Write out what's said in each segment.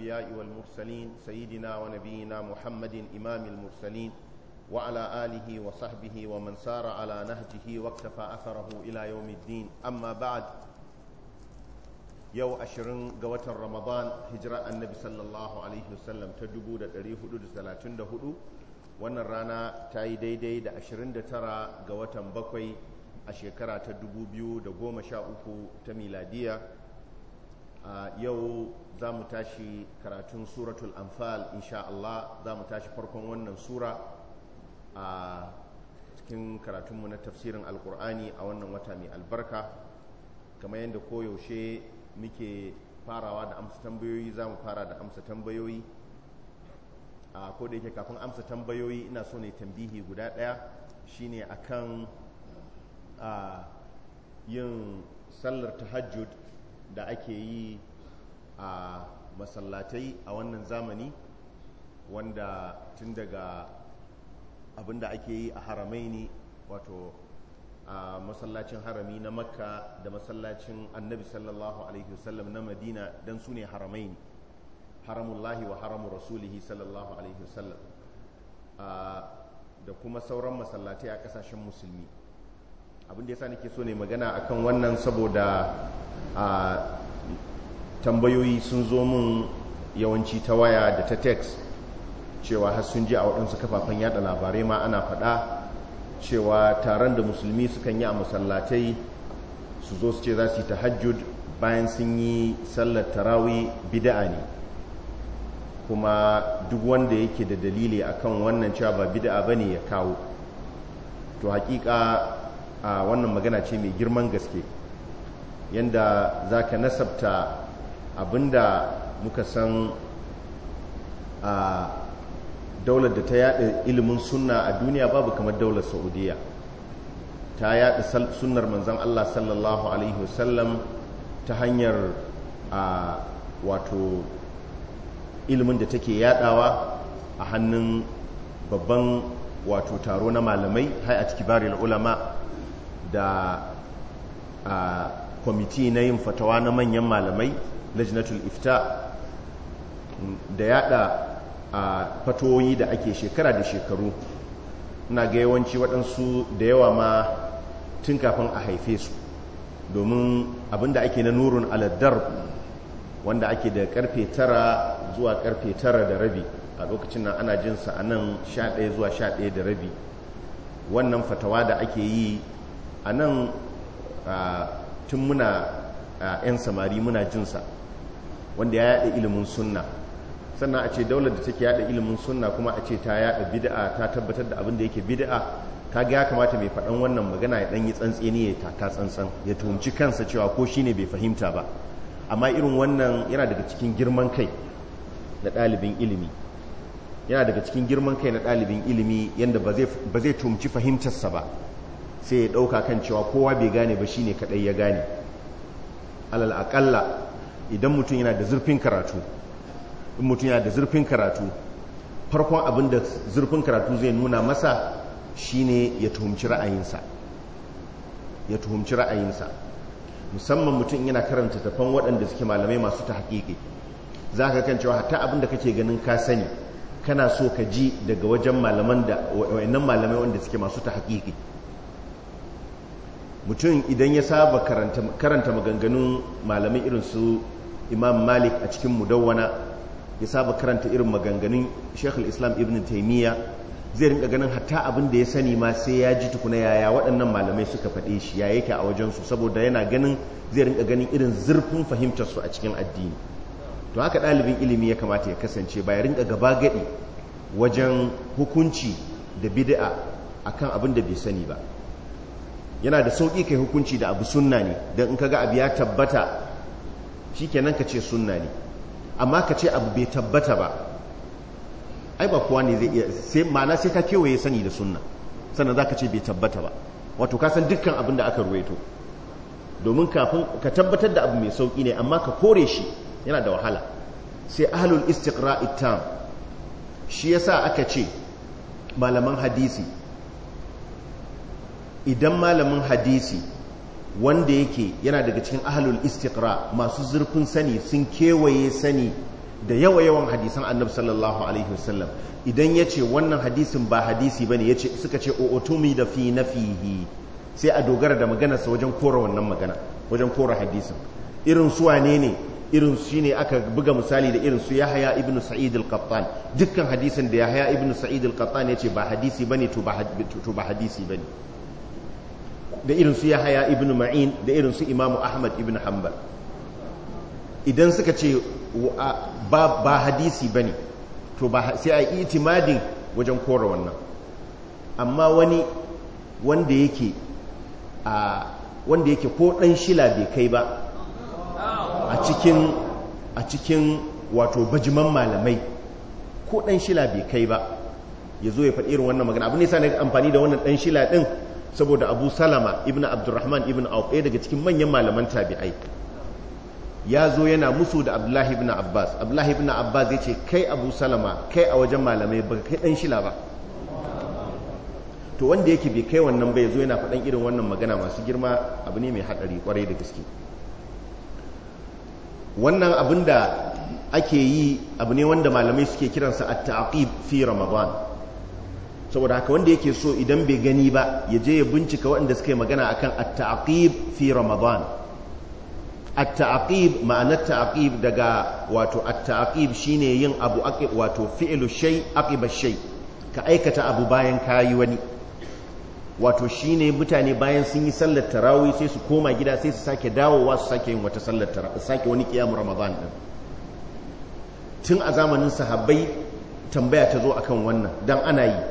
الأنبياء والمرسلين سيدنا ونبينا محمد إمام المرسلين وعلى آله وصحبه ومن سار على نهجه واقتفى أثره إلى يوم الدين أما بعد يو أشرن قوة رمضان هجرة النبي صلى الله عليه وسلم تدبو دا تريه حدود سلاتين دا حدود wannan rana ta yi daidai da 29 ga watan bakwai a shekara ta 2013 ta miladiya yau za mu tashi karatun suratul anfal insha Allah za mu tashi farkon wannan sura a cikin karatunmu na tafsirin alkur'ani a wannan wata mai albarka kamar yadda koyaushe muke farawa da amsa tambayoyi za mu fara da amsa tambayoyi a koda yake kafin amsa tambayoyi ina so ne tambihi guda ɗaya shine akan yin sallar tahajjud da ake yi a masallatai a wannan zamani wanda tun daga abinda ake yi a haramai ne wato a masallacin harami na makka da masallacin annabi sallallahu alaihi wasallam na madina don su ne haramai ne haramullahi wa haramun rasulihi sallallahu alaihi wasallam da kuma sauran masallatai a kasashen musulmi abin da sa nake so ne magana akan wannan saboda a tambayoyi sun zo mun yawanci ta waya da ta text cewa har sun ji a waɗansu kafafen yada labarai ma ana faɗa cewa taron da musulmi sukan yi a masallatai su zo su ce za su yi tahajjud bayan sun yi sallar tarawi bida'a ne kuma duk wanda yake da dalili akan wannan cewa ba bida'a bane ya kawo to hakika a wannan magana ce mai girman gaske yadda za ka nasabta abinda muka san a daular da ta yada ilimin sunna a duniya babu kamar daular saudiya ta yada sunnar manzan allah sallallahu alaihi wasallam ta hanyar a wato ilimin da take yadawa a hannun babban wato taro na malamai hai a ulama da a kwamiti na yin fatawa na manyan malamai lajnatul ifta da a fatoyi da ake shekara da shekaru na ga yawanci waɗansu da yawa ma tun kafin a haife su domin abinda ake na nurun aladar wanda ake da karfe tara zuwa karfe tara da rabi a lokacin nan ana jinsa a nan sha ɗaya zuwa sha ɗaya da rabi wannan fatawa da ake yi a nan tun muna 'yan samari muna jinsa wanda ya yada ilimin sunna sannan a ce daular da take yada ilimin sunna kuma a ce ta yada bid'a ta tabbatar da abin da yake bid'a ta ga ya kamata mai faɗan wannan magana ya ɗan yi tsantseni ya taka tsantsan ya tuhumci kansa cewa ko shi ne bai fahimta ba amma irin wannan yana daga cikin girman kai na ɗalibin ilimi yana daga cikin girman kai na ɗalibin ilimi yadda ba zai tumci fahimtarsa ba sai ya ɗauka kan cewa kowa bai gane ba shine kaɗai ya gane alal aƙalla idan mutum yana da zurfin karatu in mutum yana da zurfin karatu farkon abin da zurfin karatu zai nuna masa shine ya tuhumci ra'ayinsa ya tuhumci ra'ayinsa musamman mutum yana karanta tafan waɗanda suke malamai masu ta haƙiƙe za ka kan cewa hatta abin da kake ganin ka sani kana so ka ji daga wajen malaman da wa'annan malamai wanda suke masu ta haƙiƙe mutum idan ya saba karanta maganganun malamai irin su imam malik a cikin mudawwana ya saba karanta irin maganganun shekul islam ibn taimiyya zai rinka ganin hatta abin da ya sani ma sai ya ji tukuna yaya waɗannan malamai suka faɗe shi ya yake a wajensu saboda yana ganin zai rinka ganin irin zurfin fahimtarsu a cikin addini to haka ɗalibin ilimi ya kamata ya kasance ba ya rinka gaba gaɗi wajen hukunci da bid'a akan abin da bai sani ba yana da sauƙi kai hukunci da abu sunna ne don in kaga abu ya tabbata shi kenan ka ce sunna ne amma ka ce abu bai tabbata ba ai ba kuwa ne zai iya sai sai ka kewaye sani da sunna sannan za ka ce bai tabbata ba wato ka san dukkan abin da aka ruwaito domin kafin ka tabbatar da abu mai sauƙi ne amma ka kore shi yana da wahala sai ahlul istiqra'i tam shi yasa aka ce malaman hadisi idan malamin hadisi wanda yake yana daga cikin ahalul istiqra masu zurfin sani sun kewaye sani da yawa yawan hadisan annabi sallallahu alaihi wasallam idan yace wannan hadisin ba hadisi ba ne ya ce suka ce o otumi da fi na fihi sai a dogara da maganarsa wajen kora wannan magana wajen kora hadisin irin su wane ne irin su ne aka buga misali da irin su Yahaya ibn Sa'id al-Qattan dukkan hadisin da Yahaya ibn Sa'id al-Qattan yace ba hadisi bane to ba hadisi bane da irin su yahaya ibn ma'in da irin su imamu ahmad ibn hanbal idan suka ce ba hadisi ba ne to ba sai a itimadin wajen kora wannan amma wani wanda yake a yake ko dan shila bai kai ba a cikin a cikin wato bajiman malamai ko dan shila bai kai ba ya zo ya faɗi irin wannan magana abu ne sa na amfani da wannan dan shila ɗin saboda abu salama ibn abdurrahman ibn auf daga cikin manyan malaman tabi'ai ya zo yana musu da abdullahi ibn abbas abdullahi ibn abbas ya ce kai abu salama kai a wajen malamai ba kai ɗan shila ba to wanda yake bai kai wannan ba ya zo yana faɗan irin wannan magana masu girma abu ne mai haɗari kwarai da gaske wannan abin da ake yi abu ne wanda malamai suke kiransa at-ta'aqib fi ramadan saboda haka wanda yake so idan bai gani ba ya je ya bincika waɗanda suka yi magana akan at-ta'qib fi ramadan at ma'anar ta'aqib daga wato at shine yin abu wato fi'lu shay aqiba shay ka aikata abu bayan kayi wani wato shine mutane bayan sun yi sallar tarawih sai su koma gida sai su sake dawowa su sake yin wata sallar tarawih sake wani kiyamu ramadan din tun a zamanin sahabbai tambaya ta zo akan wannan dan ana yi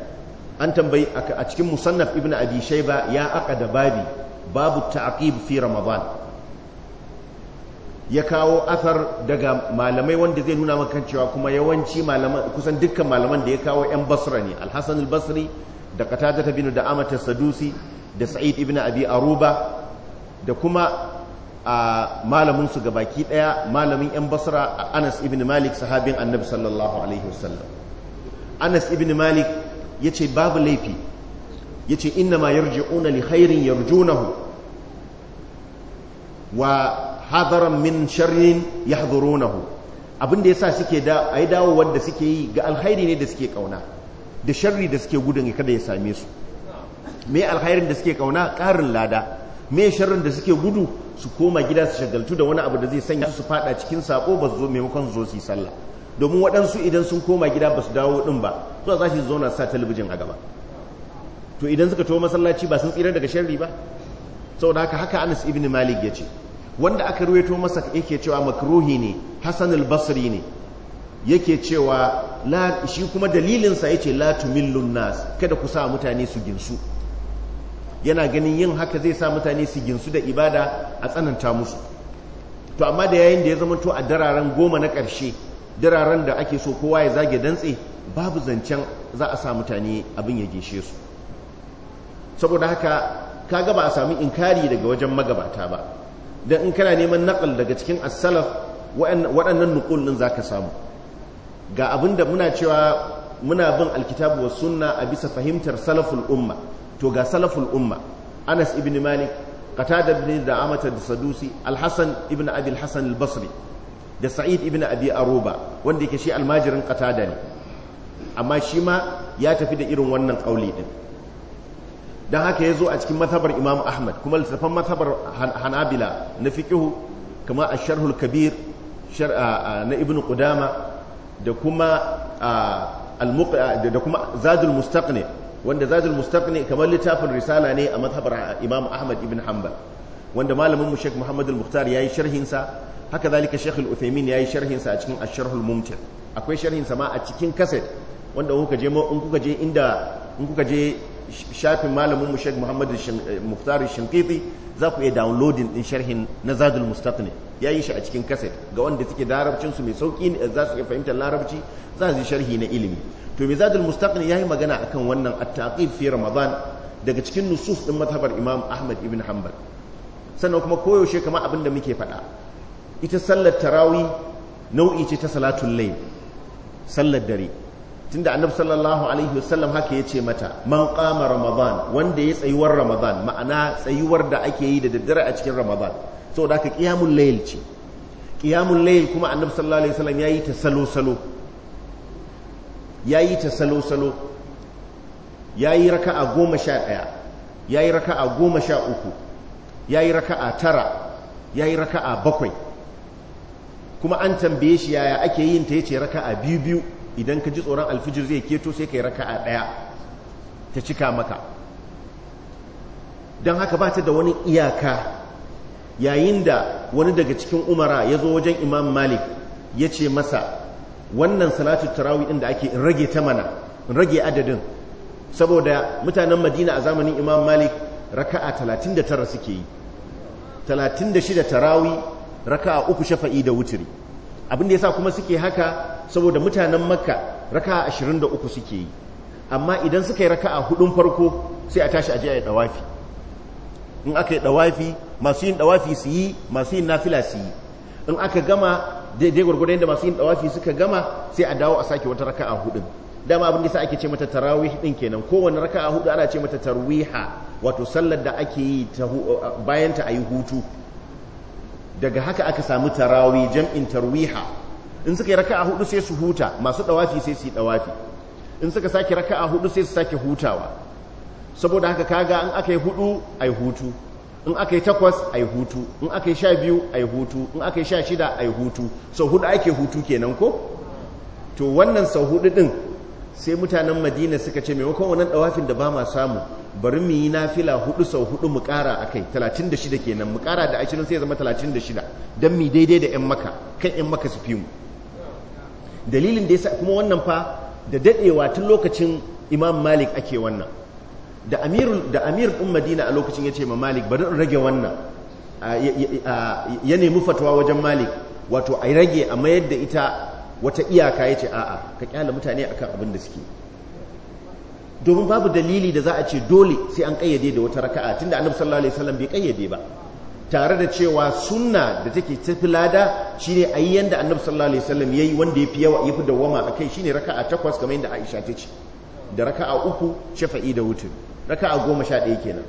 an tambayi a cikin musannaf ibn abi shayba ya da babi babu ta'qib fi ramadan ya kawo athar daga malamai wanda zai nuna maka cewa kuma yawanci malaman kusan dukkan malaman da ya kawo yan basra ne al-hasan al-basri da qatada bin da amata sadusi da sa'id ibn abi aruba da kuma a malamin su gabaki daya malamin yan basra anas ibn malik sahabin annabi sallallahu alaihi wasallam anas ibn malik yace babu laifi yace inna ma yarji'una li khairin junahu wa hadaran min sharrin ya yahdurunahu abinda ya sa suke da yi dawo wanda suke yi ga alkhairi ne da suke kauna da sharri da suke gudun kada ya same su me alkhairin da suke kauna karin lada me sharrin da suke gudu su koma gida su shagaltu da wani abu da zai sanya su fada cikin sako ba su zo maimakon su zo su yi sallah domin waɗansu idan sun koma gida ba su dawo ɗin ba suwa za su zauna sa talabijin a gaba to idan suka to masallaci ba sun tsira daga sharri ba saboda haka haka Anas ibn Malik ya ce wanda aka ruwaito masa yake cewa makruhi ne Hassan al-Basri ne yake cewa shi kuma dalilinsa ya ce la tumillun nas kada ku sa mutane su ginsu yana ganin yin haka zai sa mutane su ginsu da ibada a tsananta musu to amma da yayin da ya zama to a dararen goma na ƙarshe dararen da ake so kowa ya zage dantse babu zancen za a sa mutane abin ya gishe su saboda haka ka ba a sami inkari daga wajen magabata ba don in kana neman nakal daga cikin asalaf waɗannan nukul ɗin za ka samu ga abin da muna cewa muna bin alkitabu wa sunna a bisa fahimtar salaful umma to ga salaful umma anas ibn malik qatada da da'amata da sadusi alhassan ibn abi hassan albasri da sa'id ibn abi aruba wanda yake shi almajirin qatada ne amma shi ma ya tafi da irin wannan kauli din don haka ya zo a cikin mazhabar imam ahmad kuma littafan mazhabar hanabila na fikihu kama a sharhul kabir na ibn qudama da kuma da kuma zadul mustaqni wanda zadul mustaqni kamar littafin risala ne a mazhabar imam ahmad ibn hanbal wanda malamin mu sheikh muhammad al-muhtar yayi sharhin sa haka zalika sheikh al-uthaymin yayi sharhin sa a cikin ash-sharh al akwai sharhin sa ma a cikin kaset wanda kuka je in kuka je inda kuka je shafin malamin mu muhammadu Muhammad eh, Muftar Shinkiti za ku iya downloadin din sharhin na Zadul Mustaqni ya yi shi a cikin kaset ga wanda suke darabcinsu su mai sauki ne za su iya fahimtar larabci za su yi sharhi na ilimi to mai Zadul Mustaqni ya yi magana akan wannan at-taqib fi Ramadan daga cikin nusuf din mazhabar Imam Ahmad ibn Hanbal sannan kuma koyaushe kamar abin da muke faɗa ita sallar tarawi nau'i ce ta salatul layl sallar dare tunda annabi sallallahu alaihi wasallam haka ya ce mata man qama ramadan wanda ya tsayuwar ramadan ma'ana tsayuwar da ake yi da daddare a cikin ramadan saboda haka qiyamul layl ce qiyamul layl kuma annabi sallallahu alaihi wasallam yayi ta salo salo yayi ta salo salo yayi raka'a 11 yayi raka'a 13 yayi raka'a 9 yayi raka'a 7 kuma an tambaye shi yaya ake yin ta yace raka'a biyu biyu idan ka ji tsoron alfijir zai keto sai ka yi a ɗaya ta cika maka don haka ba ta da wani iyaka yayin da wani daga cikin umara ya zo wajen imam malik ya ce masa wannan salatu tarawi ɗin da ake rage ta mana rage adadin saboda mutanen madina a zamanin imam malik raka'a tara suke yi shida tarawi raka'a uku shafa'i da wuturi abin da sa kuma suke haka saboda mutanen makka raka'a 23 suke yi amma idan suka yi a hudun farko sai a tashi aji a yi dawafi in aka yi dawafi masu yin dawafi su yi masu yin nafila su yi in aka gama daidai gwargwadon yadda masu yin dawafi suka gama sai a dawo a sake wata raka'a hudun dama abin da sa ake ce mata tarawih din kenan raka a hudu ana ce mata tarwiha wato sallar da ake yi bayan ta yi hutu daga haka aka samu tarawi jam'in tarwiha in suka yi raka'a hudu sai su huta masu dawafi sai su yi dawafi in suka sake raka'a hudu sai su sake hutawa saboda haka kaga in aka yi hudu ai hutu in aka yi takwas ai hutu in aka yi sha biyu ai hutu in aka yi sha shida ai hutu sau hudu ake hutu kenan ko to wannan sau hudu din sai mutanen madina suka ce maimakon wannan dawafin da ba ma samu bari mu yi na fila hudu sau hudu mu kara akai 36 kenan mu kara da ashirin sai zama da 36 dan mi daidai da yan maka kan yan maka su fi mu dalilin da ya sa kuma wannan fa da dadewa tun lokacin Imam Malik ake wannan da amirul amir din Madina a lokacin ya ce ma Malik bari in rage wannan ya nemi fatwa wajen Malik wato ai rage a mayar da ita wata iyaka ya ce a'a ka kyala mutane akan abin da suke domin babu dalili da za a ce dole sai an kayyade da wata raka'a tunda annabi sallallahu alaihi wasallam bai kayyade ba tare da cewa sunna da take tafi lada shine ayi yanda annabi sallallahu alaihi wasallam yayi wanda yafi yawa yafi dawama akai shine raka'a takwas kamar yadda Aisha ta ce da raka'a uku shafa'i da wutu raka'a goma sha ɗaya kenan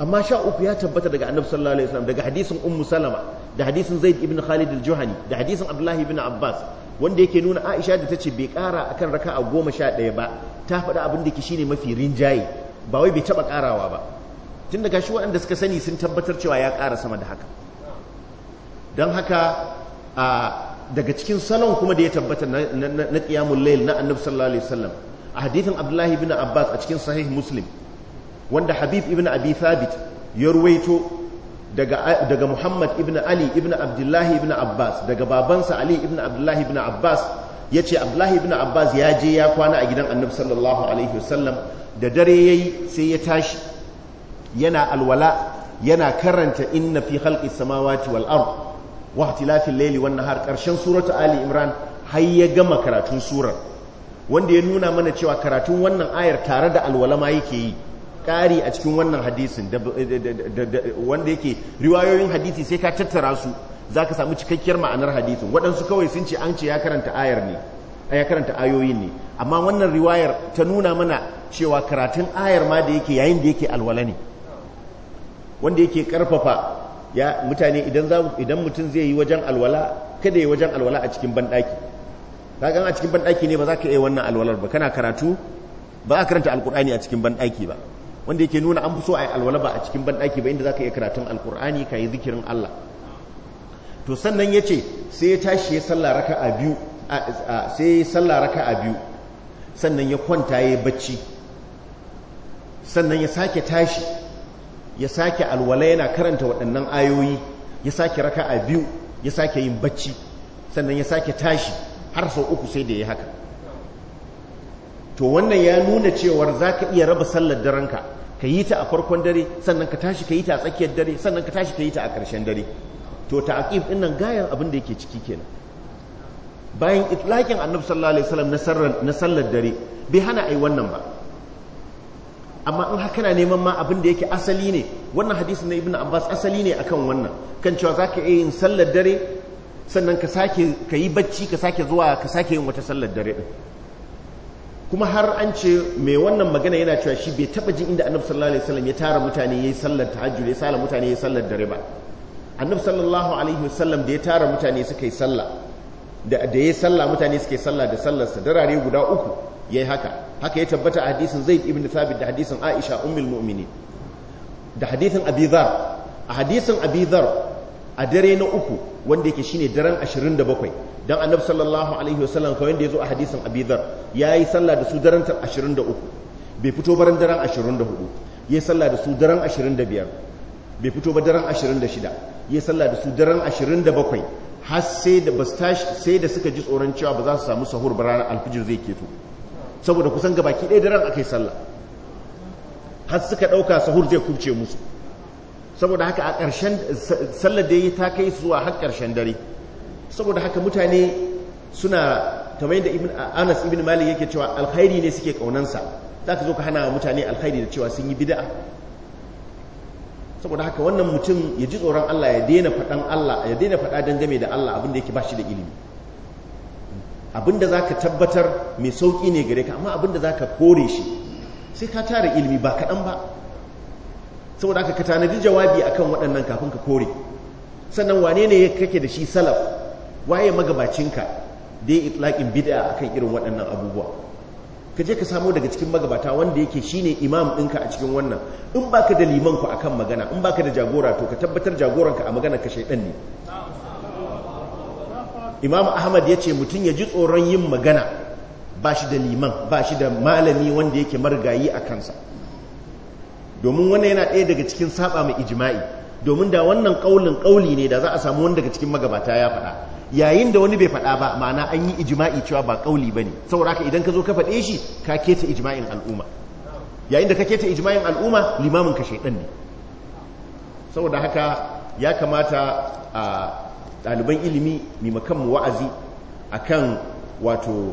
amma sha uku ya tabbata daga annabi sallallahu alaihi wasallam daga hadisin ummu salama da hadisin zaid ibn khalid al-juhani da hadisin abdullahi ibn abbas wanda yake nuna aisha da ta ce bai kara a kan raka a goma sha ɗaya ba ta faɗa abin da ke ne mafi rinjaye ba wai bai taɓa ƙarawa ba tun da gashi waɗanda suka sani sun tabbatar cewa ya ƙara sama da haka don haka daga cikin salon kuma da ya tabbata na ƙiyamun lail na annabi sallallahu alaihi wasallam a hadithin abdullahi ibn abbas a cikin sahih muslim wanda habib ibn abi thabit ya ruwaito daga Muhammad ibn Ali ibn Abdullahi ibn Abbas daga babansa Ali ibn Abdullahi ibn Abbas ya ce Abdullahi ibn Abbas ya je ya kwana a gidan annabi sallallahu alaihi wasallam da dare ya yi sai ya tashi yana alwala yana karanta inna fi halƙi samawati wal ard wa ikhtilafil layli wan nahar karshen suratu Ali Imran har ya gama karatun surar wanda ya nuna mana cewa karatun wannan ayar tare da alwala ma yake yi kari a cikin wannan hadisin wanda yake riwayoyin hadisi sai ka tattara su za ka samu cikakkiyar ma'anar hadisin waɗansu kawai sun ce an ce ya karanta ayar ne ya karanta ayoyin ne amma wannan riwayar ta nuna mana cewa karatun ayar ma da yake yayin da yake alwala ne wanda yake karfafa ya mutane idan mutum zai yi wajen alwala kada yi wajen alwala a cikin banɗaki kagan a cikin banɗaki ne ba za ka iya wannan alwalar ba kana karatu ba a karanta alkur'ani a cikin banɗaki ba wanda yake nuna an fi so a yi alwala ba a cikin banɗaki ba inda za ka iya karatun alkur'ani ka yi zikirin Allah to sannan ya ce sai ya tashi ya sallaraka raka a biyu sai ya salla a biyu sannan ya kwanta ya bacci sannan ya sake tashi ya sake alwala yana karanta waɗannan ayoyi ya sake raka a biyu ya sake yin bacci sannan ya sake tashi har sau uku sai da ya haka to wannan ya nuna cewar za ka iya raba sallar daren ka ka yi ta a farkon dare sannan ka tashi ka yi ta a tsakiyar dare sannan ka tashi ka yi ta a ƙarshen dare to ta'aqib din nan gayan abin da yake ciki kenan bayan itlaqin annabi sallallahu alaihi wasallam na sallar dare bai hana ai wannan ba amma in haka na neman ma abin da yake asali ne wannan hadisi na ibnu abbas asali ne akan wannan kan cewa zaka iya yin sallar dare sannan ka sake ka yi bacci ka sake zuwa ka sake yin wata sallar dare din kuma har an ce mai wannan magana yana cewa shi bai taba jin inda annabi sallallahu alaihi wasallam ya tara mutane yayi sallar tahajjud ya sala mutane yayi sallar dare ba annabi sallallahu alaihi wasallam da ya tara mutane suka yi sallah da da yayi sallah mutane suke sallah da sallar sa darare guda uku yayi haka haka ya tabbata a hadisin Zaid ibn Thabit da hadisin Aisha ummul mu'minin da hadisin Abi Dhar a hadisin Abi Dhar a dare na uku wanda yake shine daren 27 dan annabi sallallahu alaihi wasallam kawai da yazo a hadisin abidar yayi sallah da su daren 23 bai fito baran daren 24 yayi sallah da su daren 25 bai fito ba daren 26 yayi sallah da su daren 27 har sai da bastash sai da suka ji tsoron cewa ba za su samu sahur ba ranar alfijir zai keto saboda kusan gabaki ɗaya daren akai sallah har suka ɗauka sahur zai kubce musu saboda haka a ƙarshen sallar da ya ta kai zuwa har ƙarshen dare saboda haka mutane suna kamar da Anas ibn Malik yake cewa alkhairi ne suke kaunansa ka zo ka hana mutane alkhairi da cewa sun yi bida'a saboda haka wannan mutum ya ji tsoron Allah ya daina faɗan Allah ya daina faɗa dangane da Allah abin da yake shi da ilimi abin da zaka tabbatar mai sauki ne gare ka amma abin da zaka kore shi sai ka tara ilimi ba kaɗan ba saboda haka ka tanadi jawabi akan waɗannan kafin ka kore sannan wane ne kake da shi salaf waye magabacinka da ya itlaƙin bid'a akan irin waɗannan abubuwa ka je ka samu daga cikin magabata wanda yake shine imam ɗinka a cikin wannan in baka da liman ku akan magana in baka da jagora to ka tabbatar jagoranka a magana ka shaidan ne imam ahmad ya ce mutum ya ji tsoron yin magana ba shi da liman ba shi da malami wanda yake marigayi a kansa domin wannan yana ɗaya daga cikin saba mai ijima'i domin da wannan kaulin ƙauli ne da za a samu wanda daga cikin magabata ya faɗa yayin da wani bai faɗa ba ma'ana an yi ijima'i cewa ba kauli ne saboda sauraka idan ka zo ka faɗe shi ka keta ijima'in al'umma yayin da ka keta ijima'in al'umma limamin ka shaidan ne saboda haka ya kamata a ɗaliban ilimi mimakan mu wa'azi akan wato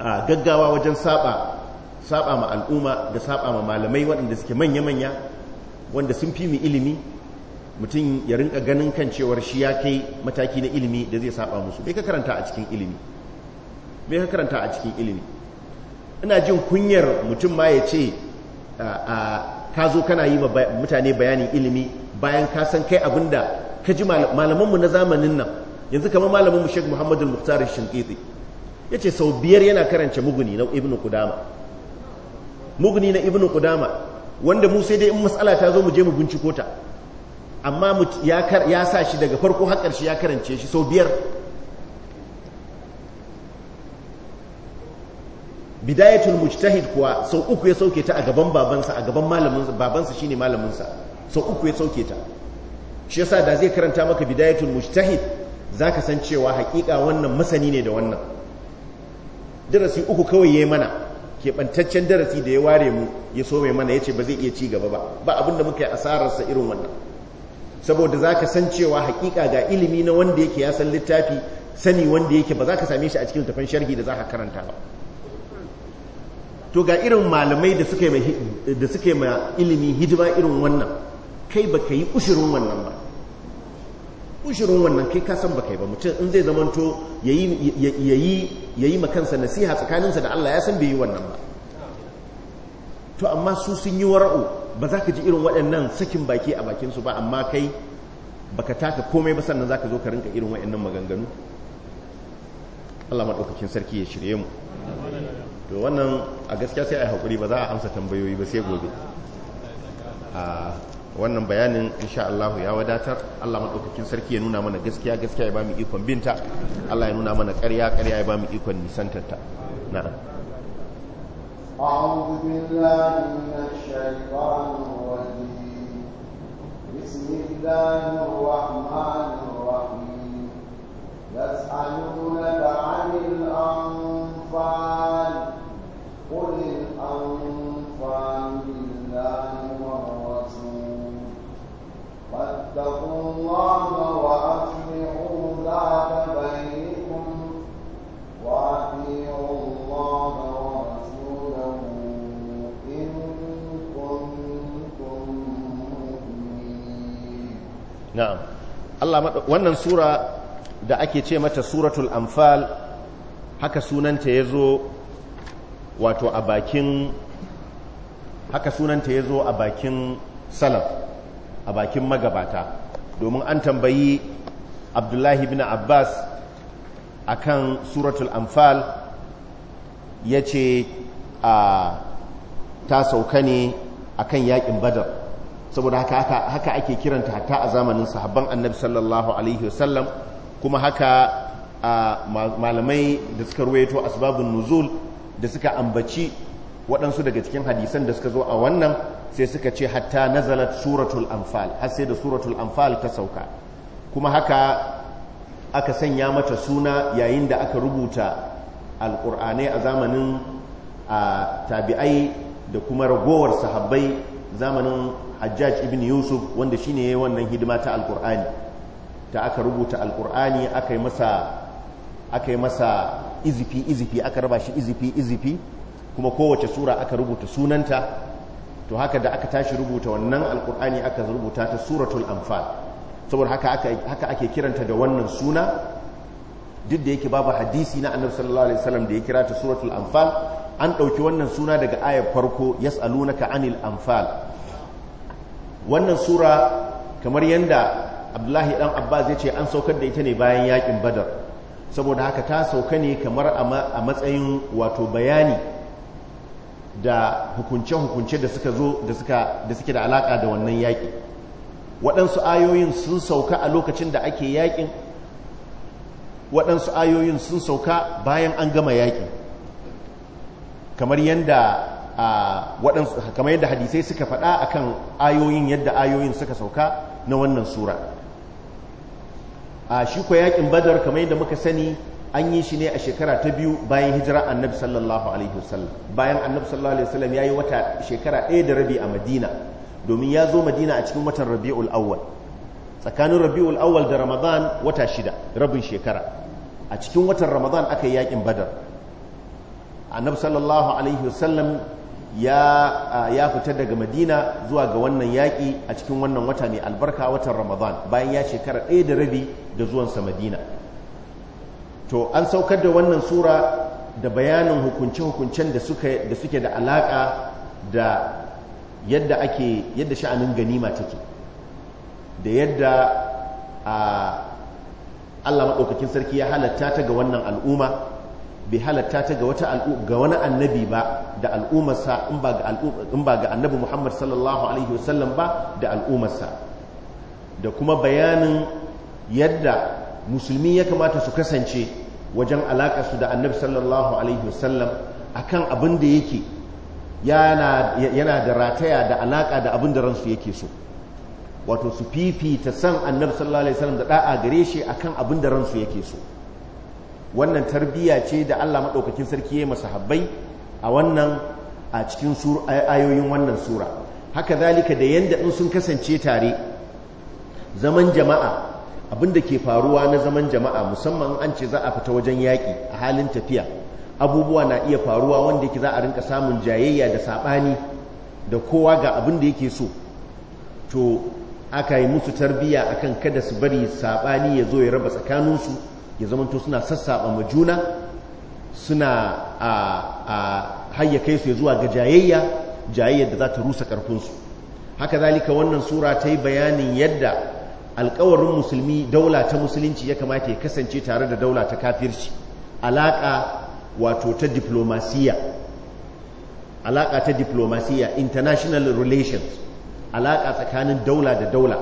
gaggawa wajen saba saba ma al'umma da saba ma malamai waɗanda suke manya-manya wanda sun fi mu ilimi mutum ya rinka ganin kan cewar shi ya kai mataki na ilimi da zai saba musu bai ka karanta a cikin ilimi bai ka karanta a cikin ilimi ina jin kunyar mutum ma ya ce ka zo kana yi ma mutane bayanin ilimi bayan ka san kai abinda ka ji malamanmu na zamanin nan yanzu kamar malamin mu Sheikh Muhammadu Muhtar Shinqiti yace sau biyar yana karanta muguni na Ibn Qudama muguni na Ibn kudama wanda mu dai in mas'ala ta zo mu je mu binciko ta amma ya sa shi daga farko haƙar shi ya karance shi sau biyar bidayatul mujtahid kuwa sau uku ya sauke ta a gaban babansa a gaban malaminsa babansa shine malaminsa sau uku ya sauke ta shi yasa da zai karanta maka bidayatul mujtahid zaka san cewa hakika wannan masani ne da wannan darasi uku kawai ya yi mana keɓantaccen darasi da ya ware mu ya so mai mana yace ba zai iya ci gaba ba ba abinda muka yi asararsa irin wannan saboda za ka san cewa hakika ga ilimi na wanda yake ya san littafi sani wanda yake ba za ka same shi a cikin tafan sharhi da za ka karanta ba to ga irin malamai da suka yi ma ilimi hidima irin wannan kai ba ka yi ushirin wannan ba ushirin wannan kai ka san ba kai ba mutum in zai zamanto ya yi makansa nasiha tsakaninsa da Allah ya san bai yi wannan ba to amma su sun yi wara'u ba za ka ji irin waɗannan sakin baki a bakinsu ba amma kai ba ka taka komai ba sannan za ka zo ka rinka irin waɗannan maganganu Allah maɗaukakin sarki ya shirye mu to wannan a gaskiya sai a yi haƙuri ba za a amsa tambayoyi ba sai gobe a wannan bayanin insha Allah ya wadatar Allah maɗaukakin sarki ya nuna mana gaskiya gaskiya ya ba mu ikon binta Allah ya nuna mana ƙarya ƙarya ya ba mu ikon nisantarta na'am أعوذ بالله من الشيطان الرجيم بسم الله الرحمن الرحيم يسألونك عن الأنفال قل الأنفال لله والرسول فاتقوا الله وأصلحوا ذات بينكم وأطيعوا الله na'am Allah wannan sura da ake ce mata suratul amfal haka sunanta yazo wato a bakin haka sunanta yazo a bakin salaf a bakin magabata domin an tambayi Abdullahi bin Abbas akan suratul amfal yace a ah, ta sauka ne akan yaƙin badar saboda haka haka ake kiranta hatta a zamanin sahabban annabi sallallahu alaihi wasallam kuma haka malamai da suka ruwaito asbabun nuzul da suka ambaci waɗansu daga cikin hadisan da suka zo a wannan sai suka ce hatta nazalat suratul anfal har sai da suratul anfal ta sauka kuma haka aka sanya mata suna yayin da aka rubuta alkur'anai a zamanin tabi'ai da kuma ragowar sahabbai zamanin hajjaj ibn yusuf wanda shi ne wannan hidima ta alkur'ani ta aka rubuta alkur'ani aka yi masa aka yi masa izifi izifi aka raba shi izifi izifi kuma kowace sura aka rubuta sunanta to haka da aka tashi rubuta wannan alkur'ani aka rubuta ta suratul anfal saboda haka haka ake kiranta da wannan suna duk da yake babu hadisi na annabi sallallahu alaihi wasallam da ya kira ta suratul anfal an dauki wannan suna daga ayar farko yas'alunaka anil amfal. wannan sura kamar yadda abdullahi dan abbas ya ce an saukar da ita ne bayan yakin badar saboda haka ta sauka ne kamar a matsayin wato bayani da hukunce-hukunce da suka zo da suke da alaka da wannan yaƙi waɗansu ayoyin sun sauka a lokacin da ake yaƙin waɗansu ayoyin sun sauka bayan an gama yaƙi kamar yadda waɗansu kamar yadda hadisai suka faɗa akan ayoyin yadda ayoyin suka sauka na wannan sura a shi kwa yakin badar kamar yadda muka sani an yi shi ne a shekara ta biyu bayan hijira annabi sallallahu alaihi wasallam bayan annabi sallallahu alaihi wasallam ya yi wata shekara ɗaya da rabi a madina domin ya zo madina a cikin watan rabi'ul awwal tsakanin rabi'ul awwal da ramadan wata shida rabin shekara a cikin watan ramadan aka yi yakin badar annabi sallallahu alaihi wasallam ya fita daga madina zuwa ga wannan yaƙi a cikin wannan wata mai albarka watan ramadan bayan ya shekara ɗaya da rabi da zuwansa madina to an saukar da wannan sura da bayanin hukunce-hukuncen da suke da alaƙa da yadda ake yadda sha'anin ganima take da yadda a Allah ɗaukakin sarki ya halatta ta ga wannan al'umma bai halatta ta ga ga wani annabi ba da al'ummarsa in ba ga in ba ga annabi Muhammad sallallahu alaihi wasallam ba da al'ummarsa da kuma bayanin yadda musulmi ya kamata su kasance wajen alaƙa su da annabi sallallahu alaihi wasallam akan abin da yake yana yana da rataya da alaƙa da abin da ransu yake so wato su fifita san annabi sallallahu alaihi wasallam da da'a gare shi kan abin da ransu yake so wannan tarbiyya ce da Allah maɗaukakin sarki ya masahabbai a wannan a cikin ayoyin wannan sura haka zalika da yanda in sun kasance tare zaman jama'a abinda ke faruwa na zaman jama'a musamman an ce za a fita wajen yaƙi a halin tafiya abubuwa na iya faruwa wanda yake za a rinka samun jayayya da saɓani da kowa ga abin da yake so to aka yi musu tarbiyya akan kada su bari saɓani ya zo ya raba tsakaninsu ya zamanto suna sassaɓa ma juna suna a hayya kai su zuwa ga jayayya jayayyar da za ta rusa karfinsu haka zalika wannan sura ta yi bayanin yadda alkawarin musulmi daula ta musulunci ya kamata ya kasance tare da daula ta kafirci alaƙa wato ta diplomasiya alaƙa ta diplomasiya international relations alaƙa tsakanin daula da daula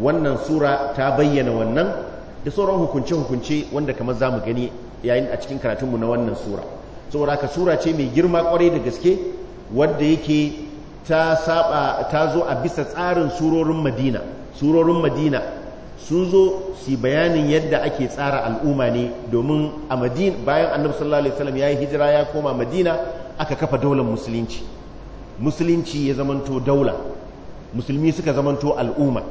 wannan sura ta bayyana wannan da sauran hukunce-hukunce wanda kamar za mu gani yayin a cikin karatunmu na wannan sura saboda haka sura ce mai girma kwarai da gaske wadda yake ta saba ta zo a bisa tsarin surorin madina surorin madina sun zo su bayanin yadda ake tsara al'umma ne domin a madina bayan annabi sallallahu alaihi wasallam ya yi hijira ya koma madina aka kafa daular musulunci musulunci ya zamanto daula musulmi suka zamanto al'umma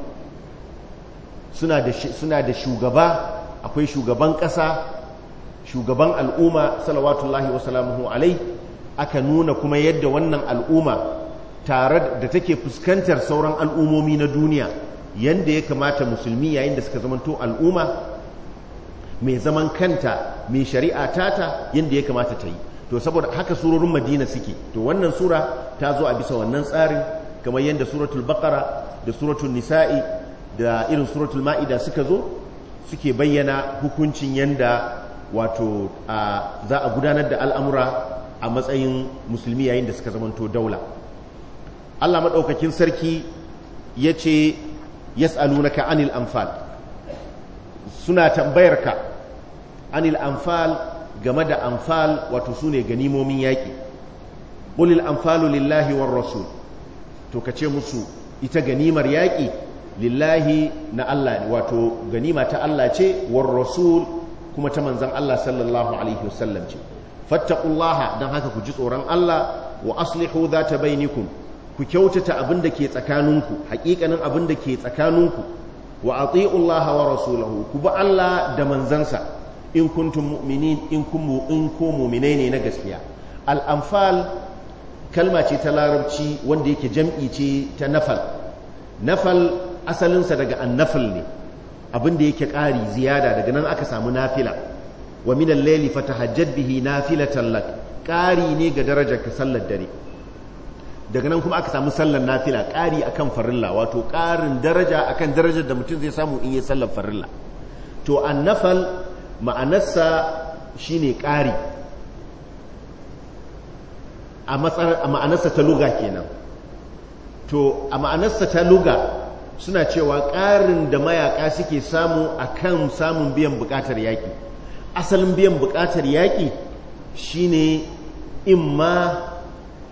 suna da shugaba akwai shugaban ƙasa shugaban al'umma salawatullahi wasalamuhu alai aka nuna kuma yadda wannan al'umma tare da take fuskantar sauran al'umomi na duniya yadda ya kamata musulmi yayin da suka zamanto al'umma mai zaman kanta mai shari'a tata yadda ya kamata ta yi to saboda haka surorin madina suke to wannan sura ta zo a bisa wannan tsarin kamar yadda suratul baqara da suratul nisa'i da irin suratul ma'ida suka zo suke bayyana hukuncin yanda wato za a gudanar da al'amura a matsayin musulmi yayin da suka zamanto daula Allah maɗaukakin sarki ya ce yas'alunaka anil amfal. suna tambayarka anil anfal game da anfal wato su ne ganimomin yaƙi ƙulil anfalu lillahi war rasul to ka ce musu ita ganimar yaƙi lillahi na Allah ne wato ganima ta Allah ce war rasul kuma ta manzan Allah sallallahu alaihi wasallam ce fattaqullaha dan haka ku ji tsoron Allah wa aslihu zata bainakum ku kyautata abin da ke tsakaninku hakikanin abin da ke tsakaninku wa atiullaha wa rasulahu ku bi Allah da manzansa in kuntum mu'minin in in ko mu'minai ne na gaskiya al-anfal kalma ce ta larabci wanda yake jam'i ce ta nafal nafal asalinsa daga annafil ne abinda yake ƙari ziyada daga nan aka samu nafila wa minan laili hajjar bihi nafila lak ƙari ne ga darajar ka sallar dare daga nan kuma aka samu sallar nafila ƙari akan farilla wato ƙarin daraja akan darajar da mutum zai samu in yi sallar farilla to annafal ma'anarsa shine ƙari a ma'anarsa ta luga kenan to a ma'anarsa ta luga suna cewa ƙarin da mayaka suke samu a kan samun biyan buƙatar yaƙi asalin biyan buƙatar yaƙi shine in ma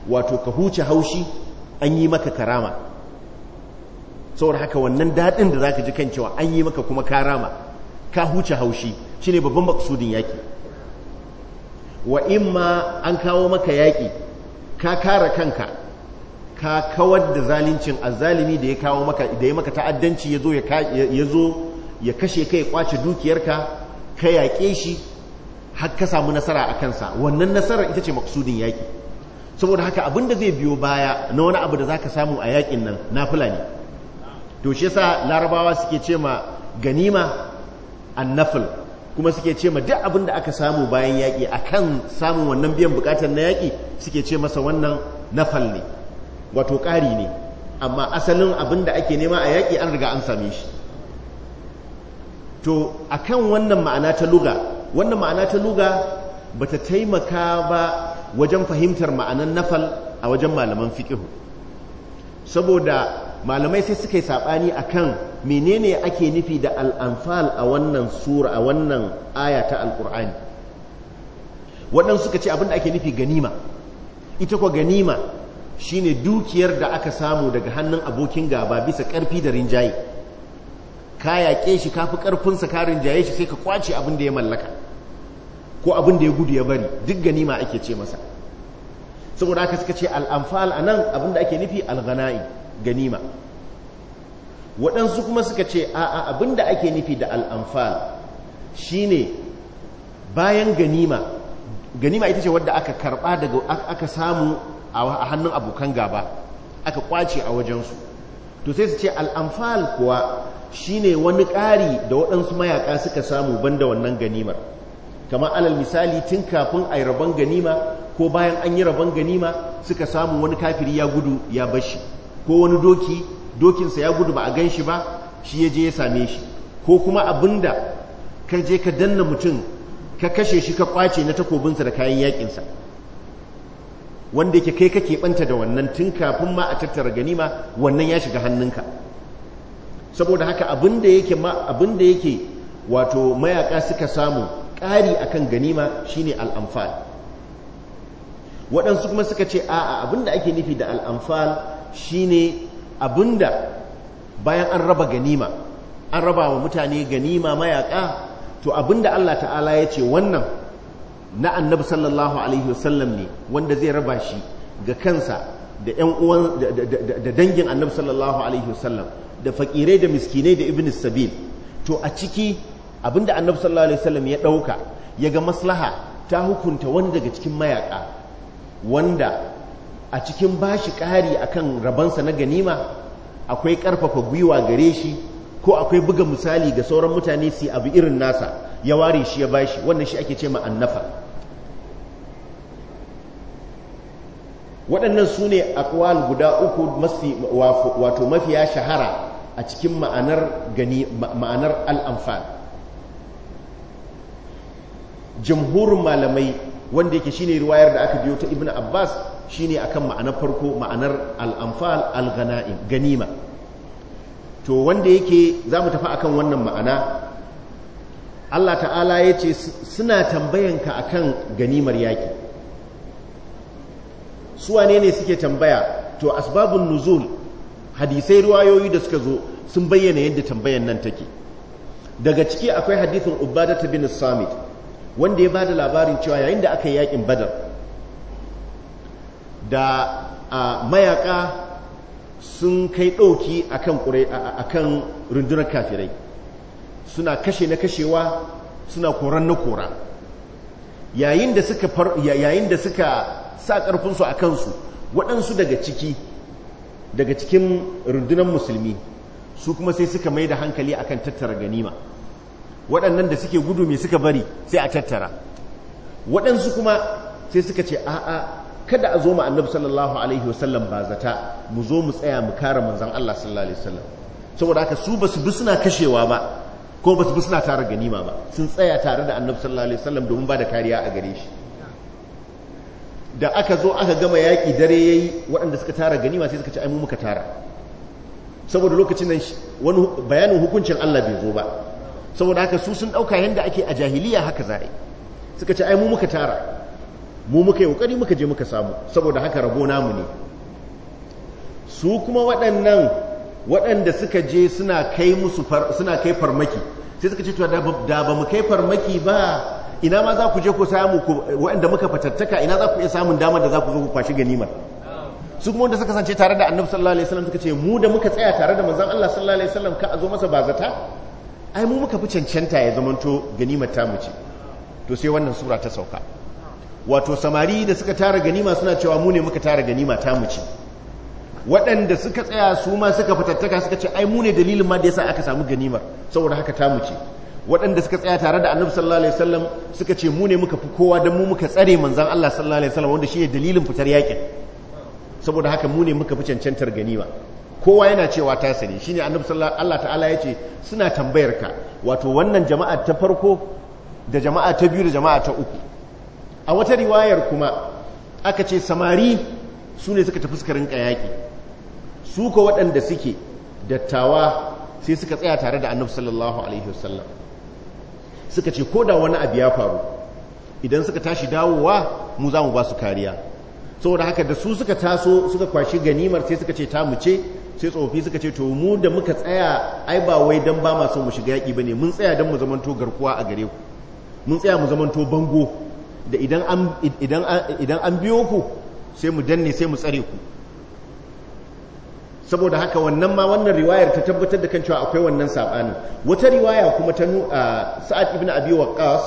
wato ka huce haushi an yi maka karama saboda haka wannan daɗin da za ka ji kan cewa an yi maka kuma karama ka huce haushi shine babban maksudin yaƙi wa in ma an kawo maka yaƙi ka kare kanka ka kawar da zalincin azzalimi da ya kawo maka da ya maka ta'addanci ya zo ya kashe ka ya kwace dukiyarka ka yaƙe shi har ka samu nasara a kansa wannan nasarar ita ce maksudin yaƙi saboda haka abin da zai biyo baya na wani abu da zaka samu a yaƙin nan na ne. to shi yasa larabawa suke ce ma ganima annafil kuma suke ce ma duk abin da aka samu bayan yaƙi akan samun wannan biyan bukatar na yaƙi suke ce masa wannan nafal ne wato ƙari ne amma asalin abin da ake nema a yaƙi an riga an same shi to a kan wannan ma'ana ta luga wannan ma'ana ta luga ba ta taimaka ba wajen fahimtar ma'anan nafal a wajen malaman fiƙihu saboda malamai sai suka yi saɓani kan menene ake nufi da al'amfal a wannan sura a wannan aya ta alƙur'ani waɗansu suka ce abin da ake nufi ganima ita kwa ganima shine dukiyar da aka samu daga hannun abokin gaba bisa karfi da rinjaye ka yaƙe shi kafi karfinsa ka rinjaye shi sai ka kwace abin da ya mallaka ko abin da ya gudu ya bari duk ganima ake ce masa saboda haka suka ce al'amfal a nan abin da ake nufi alghana'i ganima waɗansu kuma suka ce a'a abin da ake nufi da al'amfal shine bayan ganima ganima ita ce wadda aka karɓa daga aka samu a hannun abokan gaba aka kwace a wajensu to sai su ce al'amfal kuwa shine wani ƙari da waɗansu mayaƙa suka samu banda wannan ganimar kamar alal misali tun kafin a yi rabon ganima ko bayan an yi rabon ganima suka samu wani kafiri ya gudu ya bashi ko wani doki dokinsa ya gudu ba a gan shi ba shi ya je ya same shi ko kuma abin da ka je ka danna mutum ka kashe shi ka kwace na takobinsa da kayan yakinsa wanda yake kai kake banta da wannan tun kafin ma a tattara ganima wannan ya shiga hannunka saboda haka abinda yake ma abinda yake wato mayaka suka samu ƙari akan ganima shine al'amfal waɗansu kuma suka ce a'a abinda ake nufi da al-anfal shine abinda bayan an raba ganima an raba wa mutane ganima mayaka to abinda Allah ta'ala ya ce wannan na annabi sallallahu alaihi wasallam ne wanda zai raba shi ga kansa da yan uwan da dangin annabi sallallahu alaihi wasallam da fakirai da miskinai da ibn sabil to a ciki abinda annabi sallallahu alaihi wasallam ya dauka ya ga maslaha ta hukunta wani daga cikin mayaka wanda a cikin bashi kari akan rabansa na ganima akwai karfafa gwiwa gare shi ko akwai buga misali ga sauran mutane su abu irin nasa ya ware shi ya bashi wannan shi ake ce ma annafa waɗannan su ne akwal guda uku wato mafiya shahara a cikin ma'anar gani ma'anar al'amfani jamhurin malamai wanda yake shine riwayar da aka biyo ta ibn abbas shine akan ma'anar farko ma'anar al'amfal al-ghana'im ganima to wanda yake zamu tafi akan wannan ma'ana Allah ta'ala ya ce suna tambayan tambayanka akan ganimar yaƙi Su ne suke tambaya to asbabun nuzul hadisai ruwayoyi da suka zo sun bayyana yadda tambayan nan take daga ciki akwai hadithin ta bin samit wanda ya ba da labarin cewa yayin da aka yi yaƙin badar da a mayaka sun kai ɗauki akan rundunar kafirai suna kashe na kashewa suna koran na kora yayin da suka yayin da suka sa karfinsu a kansu waɗansu daga ciki daga cikin rundunar musulmi su kuma sai suka mai da hankali akan tattara ganima waɗannan da suke gudu mai suka bari sai a tattara waɗansu kuma sai suka ce a'a kada a zo ma annabi sallallahu alaihi wasallam ba zata mu zo mu tsaya mu kare manzon Allah sallallahu alaihi wasallam saboda haka su basu bi suna kashewa ba ko ba su bi suna tara ganima ba sun tsaya tare da annabi sallallahu alaihi wasallam domin ba da kariya a gare shi da aka zo aka gama yaƙi dare yayi waɗanda suka tara ganima sai suka ci ai mu muka tara saboda lokacin nan wani bayanin hukuncin Allah bai zo ba saboda haka su sun ɗauka yadda ake a jahiliya haka za'a suka ce ai mu muka tara mu muka yi kokari muka je muka samu saboda haka rabo namu ne su kuma waɗannan waɗanda suka je suna kai musu suna kai farmaki sai suka ce to da ba mu kai farmaki ba ina ma za ku je ku samu waɗanda muka fatattaka ina za ku iya samun damar da za ku zo ku kwashi ganimar su kuma wanda suka kasance tare da annabi sallallahu alaihi wasallam suka ce mu da muka tsaya tare da manzon Allah sallallahu alaihi wasallam ka a zo masa bazata ai mu muka fi cancanta ya zamanto ganimar ta mu ce to sai wannan sura ta sauka wato samari da suka tara ganima suna cewa mu ne muka tara ganima ta mu ce waɗanda suka tsaya su ma suka fitattaka suka ce ai mu ne dalilin ma da yasa aka samu ganimar saboda haka ta ce waɗanda suka tsaya tare da annabi sallallahu alaihi wasallam suka ce mu ne muka fi kowa dan mu muka tsare manzon Allah sallallahu alaihi wasallam wanda shi ne dalilin fitar yakin saboda haka mu ne muka fi cancantar ganima kowa yana cewa ta sani shine annabi sallallahu Allah ta'ala yace suna tambayar ka wato wannan jama'a ta farko da jama'a ta biyu da jama'a ta uku a wata riwayar kuma aka ce samari su ne suka tafi suka rinka yaƙi su ka waɗanda suke dattawa sai suka tsaya tare da annabi sallallahu alaihi wasallam suka ce ko da wani abu ya faru idan suka tashi dawowa mu za mu ba su kariya saboda haka da su suka taso suka kwashi ganimar sai suka ce ta mu ce sai tsofi suka ce to mu da muka tsaya ai ba wai dan ba ma mu shiga yaki bane mun tsaya dan mu to garkuwa a gare ku mun tsaya mu zamanto bango da idan an idan an biyo ku sai mu danne sai mu tsare ku saboda haka wannan ma wannan riwayar ta tabbatar da kan cewa akwai wannan sabanin wata riwaya kuma ta sa'ad ibn abi waqqas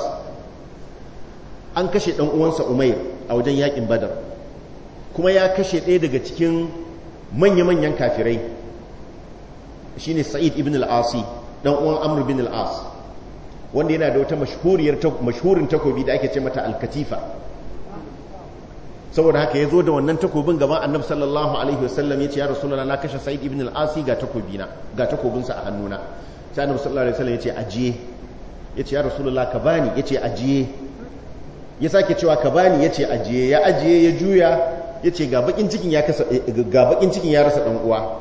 an kashe ɗan uwansa umayr a wajen yakin badar kuma ya kashe ɗaya daga cikin manya-manyan kafirai shine sa'id ibn al-asi dan uwan amr bin al-as wanda yana da wata mashhuriyar mashhurin takobi da ake ce mata al saboda haka ya zo da wannan takobin a annabi sallallahu alaihi wasallam ya ce ya rasulullah na kashe sa'id ibn al-asi ga takobina ga takobinsa a hannuna sai annabi sallallahu alaihi wasallam ya ce ajiye ya ce ya rasulullah ka bani ya ce ajiye ya sake cewa ka bani ya ce ajiye ya ajiye ya juya ya ce ga bakin cikin ya kasa eh, ga bakin cikin ya rasa dan uwa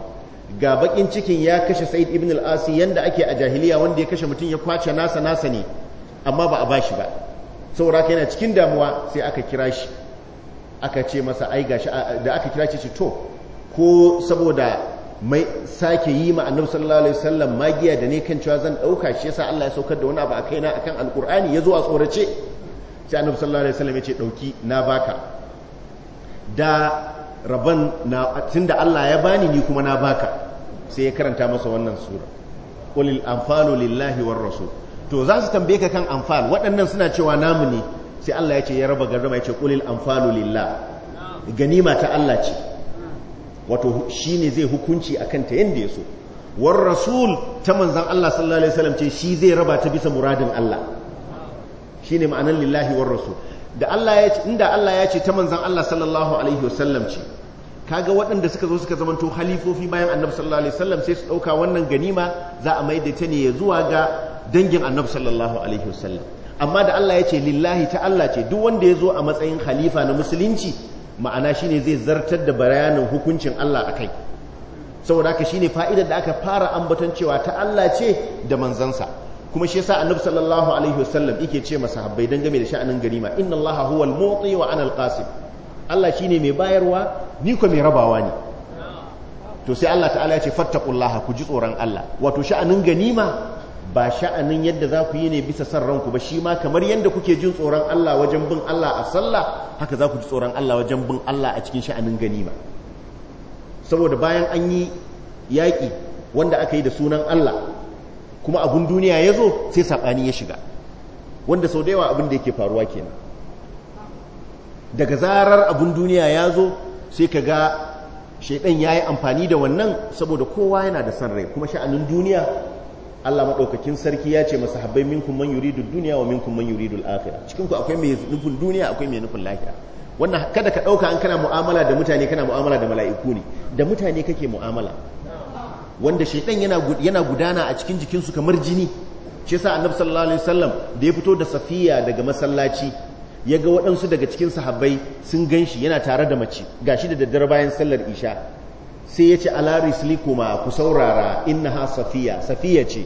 ga bakin cikin ya kashe sa'id ibn al-asi yanda ake a jahiliya wanda ya kashe mutum ya kwace nasa nasa ne amma ba a bashi ba saboda yana cikin damuwa sai aka kira shi aka ce masa ai gashi da aka kira ce to ko saboda mai sake yi ma annabi sallallahu alaihi wasallam magiya da ne kan cewa zan dauka shi yasa Allah ya saukar da wani abu a kaina akan alqur'ani yazo a tsorace sai annabi sallallahu alaihi wasallam ya ce dauki na baka da rabon na tunda Allah ya bani ni kuma na baka sai ya karanta masa wannan sura qulil anfalu lillahi war rasul to za su tambaye ka kan anfal waɗannan suna cewa namu ne sai Allah ya ce ya raba gardama ya ce ƙulil anfalu lillah ganima ta Allah ce wato shine zai hukunci a kanta yadda ya so war rasul ta manzan Allah sallallahu alaihi wasallam ce shi zai raba ta bisa muradin Allah Shi ne ma'anar lillahi war rasul da Allah ya ce inda Allah ya ce ta manzan Allah sallallahu alaihi wasallam ce kaga waɗanda suka zo suka zamanto halifofi bayan annabi sallallahu alaihi wasallam sai su ɗauka wannan ganima za a maida ta ne zuwa ga dangin annabi sallallahu alaihi wasallam amma da Allah ya ce lillahi ta Allah ce duk wanda ya zo a matsayin khalifa na musulunci ma'ana shine zai zartar da bayanin hukuncin Allah a kai saboda haka shine fa'idar da aka fara ambatan cewa ta Allah ce da manzansa kuma shi yasa annabi sallallahu alaihi wasallam yake ce masahabbai game da sha'anin ganima inna huwa huwal mu'ti wa ana Allah shine mai bayarwa ni ko mai rabawa ne to sai Allah ta'ala ya ce fattaqullaha ku ji tsoron Allah wato sha'anin ganima ba sha'anin yadda za ku yi ne bisa san ranku ba shi ma kamar yadda kuke jin tsoron Allah wajen bin Allah a sallah haka za ku ji tsoron Allah wajen bin Allah a cikin sha'anin ba. saboda bayan an yi yaƙi wanda aka yi da sunan Allah kuma abun duniya ya zo sai saɓani ya shiga wanda sau da yawa abin da yake faruwa kenan daga zarar abun duniya ya zo sai ka ga shaiɗan ya yi amfani da wannan saboda kowa yana da san rai kuma sha'anin duniya Allah maɗaukakin sarki ya ce masahabbai minkum man yuridu duniya wa minkum man yuridu al cikin ku akwai mai nufin duniya akwai mai nufin lahira wannan kada ka ɗauka an kana mu'amala da mutane kana mu'amala da mala'iku ne da mutane kake mu'amala wanda shaidan yana gudana a cikin jikinsu kamar jini shi yasa annabi sallallahu alaihi wasallam da ya fito da safiya daga masallaci ya ga waɗansu daga cikin sahabbai sun ganshi yana tare da mace gashi da daddare bayan sallar isha sai ya ce ala rislikuma ku saurara ha safiya safiya ce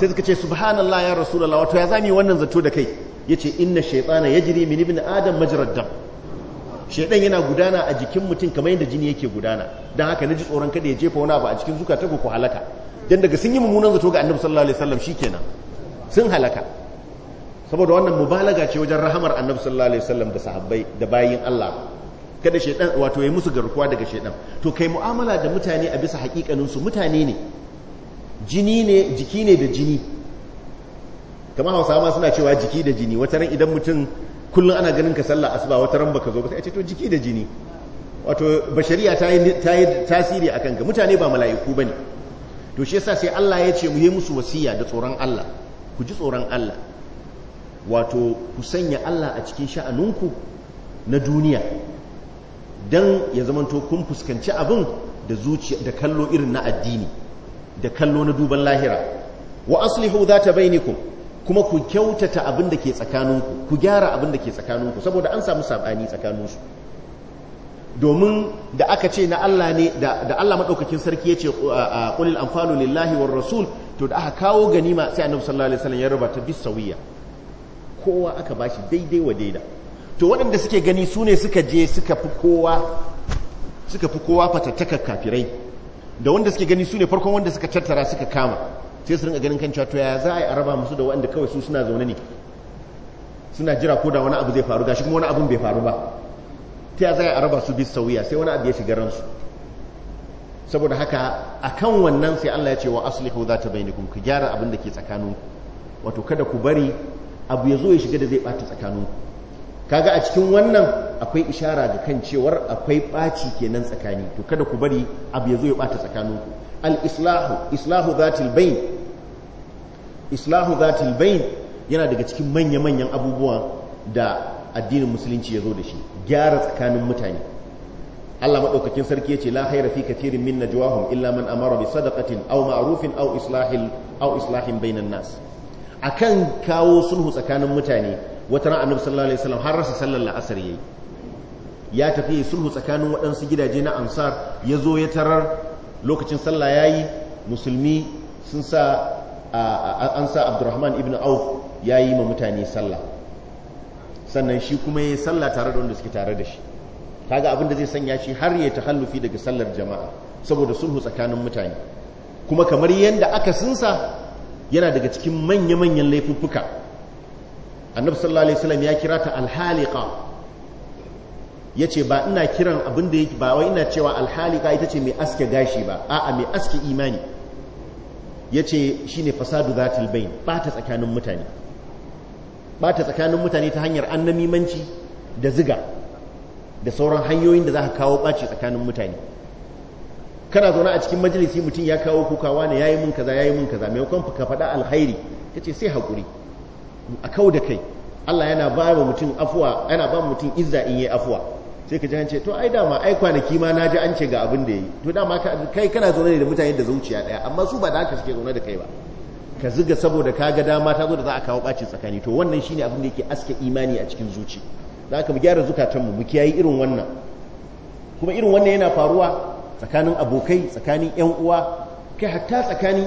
sai suka ce subhanallah ya rasulullah wato ya zami wannan zato da kai Ya yace inna shaytana yajri min ibn adam majrad dam shaydan yana gudana a jikin mutum kamar yadda jini yake gudana dan haka na naji tsoron kada ya jefa wani abu a cikin zukata ku halaka dan daga sun yi mummunan zato ga annabi sallallahu alaihi wasallam shikenan sun halaka saboda wannan mubalaga ce wajen rahamar annabi sallallahu alaihi da sahabbai da bayin Allah kada shaidan wato ya musu garkuwa daga shaidan to kai mu'amala da mutane a bisa hakikanin su mutane ne jini ne jiki ne da jini kamar hausawa suna cewa jiki da jini wata ran idan mutum kullum ana ganin ka sallah asuba wata ran baka zo ba sai a ce to jiki da jini wato bashariya ta yi tasiri a kanka mutane ba mala'iku ba ne to shi yasa sai Allah ya ce mu yi musu wasiya da tsoron Allah ku ji tsoron Allah wato ku sanya Allah a cikin sha'anunku na duniya don ya zamanto kun fuskanci abin da zuciya da kallo irin na addini da kallo na duban lahira wa aslihu zata ku, kuma ku kyautata abin da ke tsakaninku ku gyara abin da ke tsakaninku saboda an samu sabani tsakaninsu domin da aka ce na Allah ne da Allah madaukakin sarki yace qulil anfalu lillahi war rasul to da aka kawo ganima sai annabi sallallahu alaihi wasallam ya rubuta bisawiya kowa aka bashi daidai wa daida. to waɗanda suke gani su ne suka je suka fi kowa suka fi fatattakar kafirai da wanda suke gani su ne farkon wanda suka tattara suka kama sai su rinka ganin kan cewa to ya za a yi araba musu da waɗanda kawai su suna zaune ne suna jira ko da wani abu zai faru gashi kuma wani abun bai faru ba ta ya za a yi araba su bi sauya sai wani abu ya shiga ransu saboda haka a kan wannan sai Allah ya ce wa ta bai bainakum ku gyara abin da ke tsakaninku wato kada ku bari abu ya zo ya shiga da zai bata tsakaninku kaga a cikin wannan akwai ishara da kan cewar akwai ɓaci kenan tsakani to kada ku bari abu ya zo ya ɓata tsakaninku al-islahu islahu zatil bayn islahu zatil bayn yana daga cikin manya-manyan abubuwa da addinin musulunci ya zo da shi gyara tsakanin mutane Allah maɗaukakin sarki ya ce la haira fi katirin min najwahum illa man amara bi sadaqatin aw ma'rufin aw islahin aw islahin bainan nas akan kawo sulhu tsakanin mutane wata ran annabi sallallahu alaihi wasallam har rasa sallar la'asar yayi ya tafi ya sulhu tsakanin waɗansu gidaje na ansar ya zo ya tarar lokacin sallah yayi musulmi sun sa an sa abdurrahman ibn auf ya yi ma mutane sallah sannan shi kuma ya sallah tare da wanda suke tare da shi kaga abin da zai sanya shi har ya tahallufi daga sallar jama'a saboda sulhu tsakanin mutane kuma kamar yadda aka sunsa yana daga cikin manya-manyan laifuffuka annabi sallallahu alaihi wasallam ya kira ta alhaliqa yace ba ina kiran abin da yake ba wai ina cewa alhaliqa ita ce mai aske gashi ba a'a mai aske imani yace shine fasadu zatil bain ta tsakanin mutane ba ta tsakanin mutane ta hanyar annamimanci da ziga da sauran hanyoyin da za ka kawo ɓaci tsakanin mutane kana zaune a cikin majalisi mutum ya kawo kukawa ne yi mun kaza ya yi mun kaza maimakon ka faɗa alkhairi ce sai hakuri a kau da kai Allah yana ba wa mutum afuwa yana ba mutum izza in yi afuwa sai ka ji ce to ai dama ai kwanaki ma na ji an ce ga abin da yi to dama kai kana zaune da mutane da zuciya daya amma su ba da haka suke zaune da kai ba ka ziga saboda ka ga dama ta zo da za a kawo bacin tsakani to wannan shine abin da yake aske imani a cikin zuci za ka mu gyara zukatan mu kiyayi irin wannan kuma irin wannan yana faruwa tsakanin abokai tsakanin yan uwa kai hatta tsakanin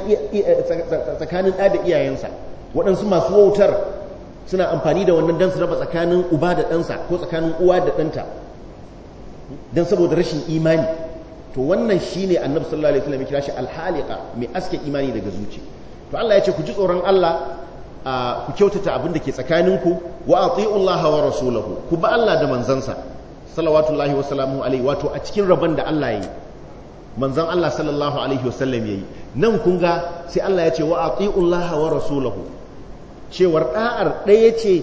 tsakanin da iyayensa waɗansu masu wautar suna amfani da wannan don su raba tsakanin uba da ɗansa ko tsakanin uwa da ɗanta don saboda rashin imani to wannan shi annabi sallallahu alaihi wasallam kira shi alhaliqa mai aske imani daga zuci to Allah ya ce ku ji tsoron Allah ku kyautata abin da ke tsakaninku wa ati'u Allah wa rasulahu ku ba Allah da manzansa salawatullahi wa salamu alaihi wato a cikin rabon da Allah yayi manzan Allah sallallahu alaihi wasallam yayi nan kun ga sai Allah ya ce wa ati'u Allah wa rasulahu cewar da'ar ɗaya ce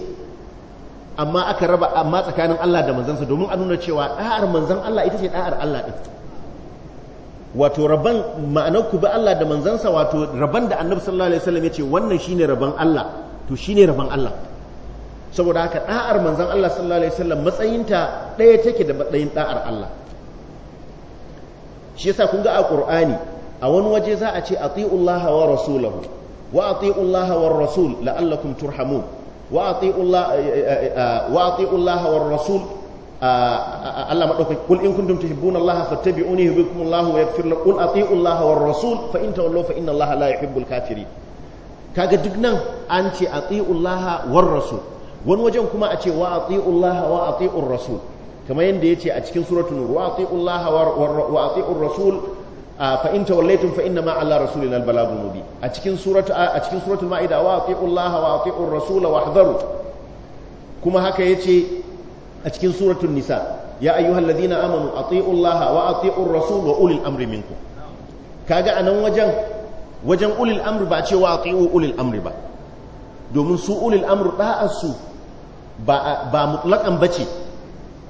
amma aka raba amma tsakanin Allah da manzansa domin a nuna cewa da'ar manzan Allah ita ce da'ar Allah ɗin wato rabban ma'anar ku bi Allah da manzansa wato rabban da annabi sallallahu alaihi wasallam ya ce wannan shine rabban Allah to shine rabban Allah saboda haka da'ar manzan Allah sallallahu alaihi wasallam matsayinta ɗaya take da matsayin ɗa'ar Allah shi yasa kun ga a Qur'ani a wani waje za a ce atiullaha wa rasulahu wa ati'u Allah war rasul la'allakum turhamun wa ati'u Allah eh, eh, eh, wa ati'u Allah war rasul ah, ah, ah, Allah madaukaki kul in kuntum tuhibbuna Allah fattabi'uni yuhibbukum Allah wa yaghfir lakum kul ati'u Allah war rasul fa in tawallaw fa inna Allah la yuhibbul kafirin kaga duk nan an ce ati'u Allah war rasul wani wajen kuma a ce wa ati'u Allah wa ati'ur rasul kamar yadda ya ce a cikin suratun nur wa ati'u Allah wa ati'ur rasul fa in tawallaytum fa inna ma ala rasulina mubin a cikin suratu a cikin suratul maida wa atiullaha wa atiur rasula kuma haka yace a cikin suratul nisa ya ayyuhalladhina amanu atiullaha wa atiur rasul wa ulil amri minkum kaga anan wajen wajen ulil amri ba cewa atiu ulil amri ba domin su ulil amri da'asu ba ba mutlaqan bace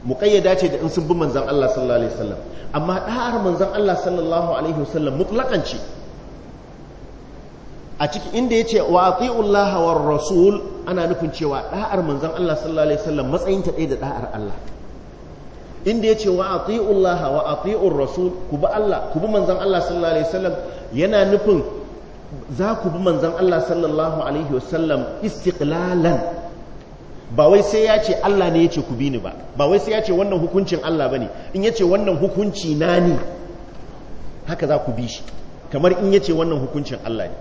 muƙayyada ce da in sun bi manzan Allah sallallahu alaihi wasallam amma ɗa'ar manzan Allah sallallahu alaihi wasallam mutlaƙan ce a ciki inda ya ce wa ati'ullaha war rasul ana nufin cewa ɗa'ar manzan Allah sallallahu alaihi wasallam matsayin ta ɗaya da ɗa'ar Allah inda ya ce wa ati'ullaha wa ati'ur rasul ku bi Allah ku bi manzan Allah sallallahu alaihi wasallam yana nufin za ku bi manzan Allah sallallahu alaihi wasallam istiqlalan ba wai sai ya ce Allah ne ya ce ku bi ni ba ba wai sai ya ce wannan hukuncin Allah ba ne in ya ce wannan hukunci na ni haka za ku bi shi kamar in ya ce wannan hukuncin Allah ne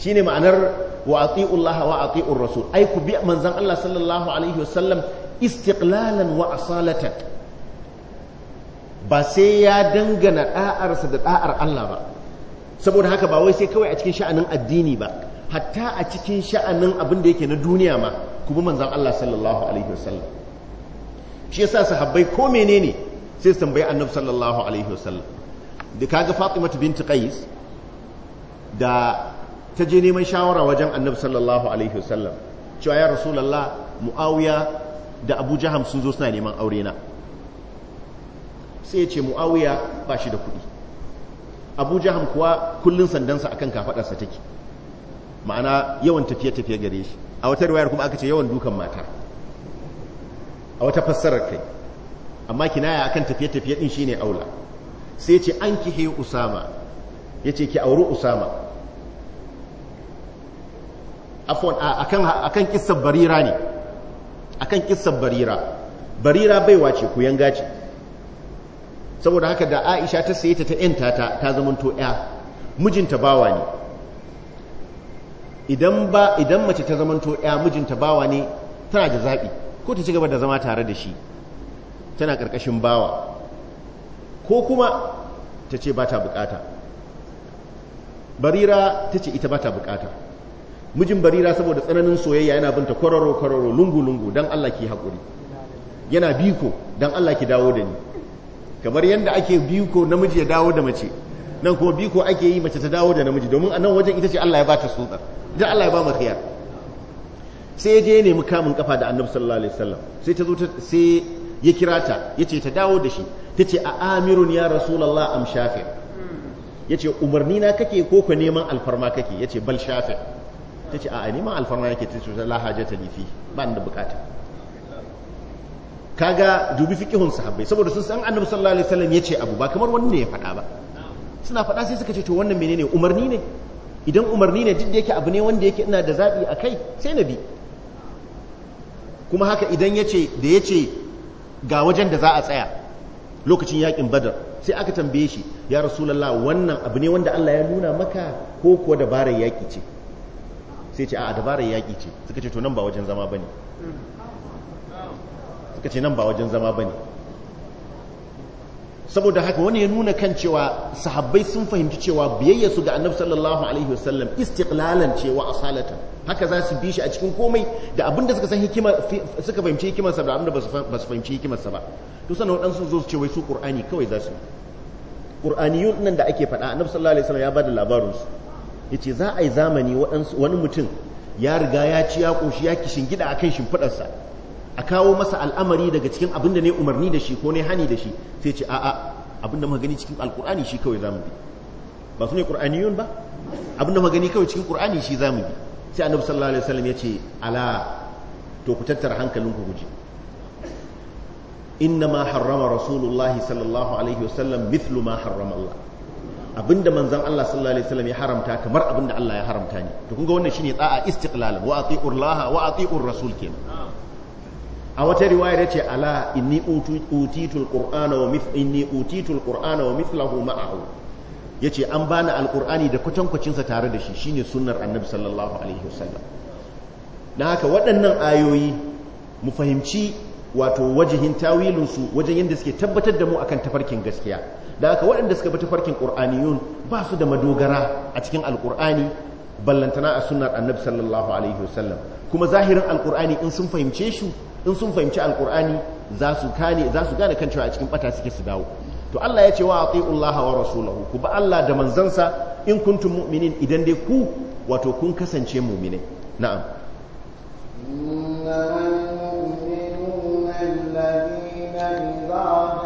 shi ne ma'anar wa ati'ullaha wa ati'ur rasul ai ku bi manzan Allah sallallahu alaihi wasallam istiqlalan wa asalatan ba sai ya dangana da'arsa da da'ar Allah ba saboda haka ba wai sai kawai a cikin sha'anin addini ba hatta a cikin sha'anin abin da yake na duniya ma ku bi manzon Allah sallallahu alaihi wasallam shi yasa sahabbai ko menene sai su tambayi annabi sallallahu alaihi wasallam da kaga Fatima binti Qais da ta je neman shawara wajen annabi sallallahu alaihi wasallam cewa ya rasulullah muawiya da abu jaham sun zo suna neman aure na sai ya ce muawiya ba shi da kuɗi abu jaham kuwa sandan sandansa akan kafaɗarsa take ma'ana yawan tafiye-tafiye gare shi a wata riwayar kuma aka ce yawan dukan mata a wata fassarar kai amma kinaya akan tafiye-tafiye din shine aula sai ce an he usama ya ce ki auri usama A kan kisar barira ne kan kisar barira barira baiwa ce ku yanga ce saboda haka da Aisha ta saye ta ta yanta ta ta zamanto ya mijinta bawa ne idan ba idan mace ta zamanto ya mijinta bawa ne tana da zaɓi ko ta ci gaba da zama tare da shi tana ƙarƙashin bawa ko kuma ta ce ba ta bukata barira ta ce ita ba ta bukata mijin barira saboda tsananin soyayya yana binta kwararo kwararo lungu lungu don Allah ki haƙuri yana biko don Allah ki dawo da ni kamar yadda ake biko namiji ya dawo da mace nan kuma biko ake yi mace ta dawo da namiji domin a nan wajen ita ce Allah ya ba ta tsutsar da Allah ya ba mu khiyar sai ya je ya nemi kamun kafa da annabi sallallahu alaihi wasallam sai ta zo sai ya kira ta yace ta dawo da shi tace a amirun ya rasulullah am shafi yace umarni na kake ko ka neman alfarma kake yace bal shafi tace a neman alfarma yake tace la hajata li fi ba ni da bukata kaga dubi fiqhun sahabbai saboda sun san annabi sallallahu alaihi wasallam yace abu ba kamar wani ne ya faɗa ba suna faɗa sai suka ce to wannan menene umarni ne idan umarni ne duk da yake abu ne wanda yake ina da zaɓi a kai sai na bi kuma haka idan ya ce da ya ce ga wajen da za a tsaya lokacin yakin badar sai aka tambaye shi ya rasulallah wannan abu ne wanda Allah ya nuna maka ko kuwa dabarar yaƙi ce sai ce a dabarar yaƙi ce suka ce to nan ba wajen zama suka ce nan ba wajen zama saboda haka wani ya nuna kan cewa sahabbai sun fahimci cewa biyayya su ga annabi sallallahu alaihi wasallam istiqlalan cewa asalata haka za su bi shi a cikin komai da abin da suka san hikima suka fahimci hikimar sa da abin da ba su fahimci hikimar sa ba to sanan wadansu zo su ce wai su qur'ani kawai za su qur'aniyun nan da ake faɗa annabi sallallahu alaihi wasallam ya bada labarin su yace za a yi zamani wani mutum ya riga ya ci ya koshi ya kishin gida a akan sa a kawo masa al'amari daga cikin abin da ne umarni da shi ko ne hani da shi sai ce a'a abin da muka gani cikin alkur'ani shi kawai za mu bi ba su ne qur'aniyun ba abin da muka gani kawai cikin qur'ani shi mu bi sai annabi sallallahu alaihi wasallam ya ce ala to ku tattara hankalinku guje innama harrama rasulullah sallallahu alaihi wasallam mithlu ma harrama Allah abinda manzon Allah sallallahu alaihi wasallam ya haramta kamar abin da Allah ya haramta ne to kun ga wannan shine da'a istiqlal wa ati'ur laha wa ati'ur rasul kenan a wata riwaya ce ala inni utitul qur'ana wa mith inni utitul qur'ana wa mithlahu ma'ahu yace an bani alqur'ani da kwatankwacinsa sa tare da shi shine sunnar annabi sallallahu alaihi wasallam dan haka waɗannan ayoyi mu fahimci wato wajihin tawilin su wajen yadda suke tabbatar da mu akan tafarkin gaskiya dan haka waɗanda suka bi tafarkin qur'aniyun ba su da madogara a cikin alqur'ani ballantana a sunnar annabi sallallahu alaihi wasallam kuma zahirin alqur'ani in sun fahimce shi in sun fahimci alkur'ani za su kane za su gane kan cewa a cikin bata suke su dawo to Allah ya ce wa atiullaha wa rasulahu ku ba Allah da manzansa in kuntum mu'minin idan dai ku wato kun kasance mu'minai na'am innamal mu'minuna alladhina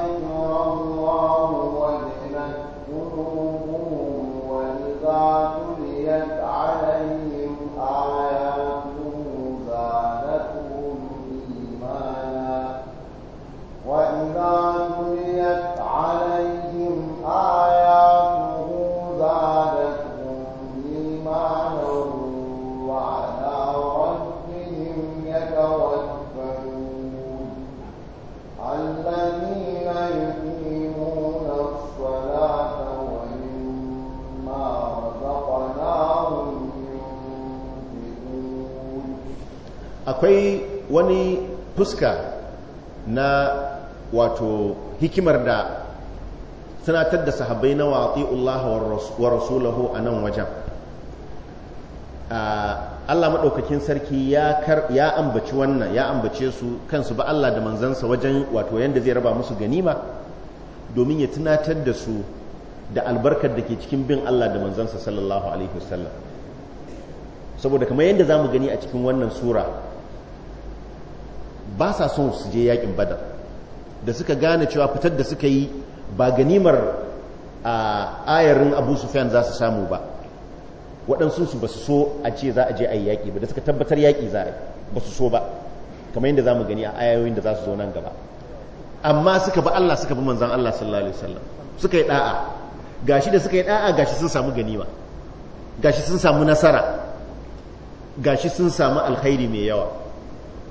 fuska na wato hikimar da tunatar da sahabbai na wati'ullaha wa rasulahu a nan wajen Allah maɗaukakin sarki ya ambaci wannan ya ambace su kansu ba Allah da manzansa wajen wato yadda zai raba musu ganima domin ya tunatar da su da albarkar da ke cikin bin Allah da manzansa sallallahu alaihi wasallam saboda kamar yadda za mu gani a cikin wannan sura ba sa son su je yakin badar da suka gane cewa fitar da suka yi ba ganimar a ayarin abu sufyan za su samu ba waɗansu su ba su so a ce za a je a yi yaƙi ba da suka tabbatar yaƙi za a ba su so ba kamar yadda za mu gani a ayoyin da za su zo nan gaba amma suka ba Allah suka bi manzan Allah sallallahu alaihi wasallam suka yi da'a gashi da suka yi da'a gashi sun samu ganima gashi sun samu nasara gashi sun samu alkhairi mai yawa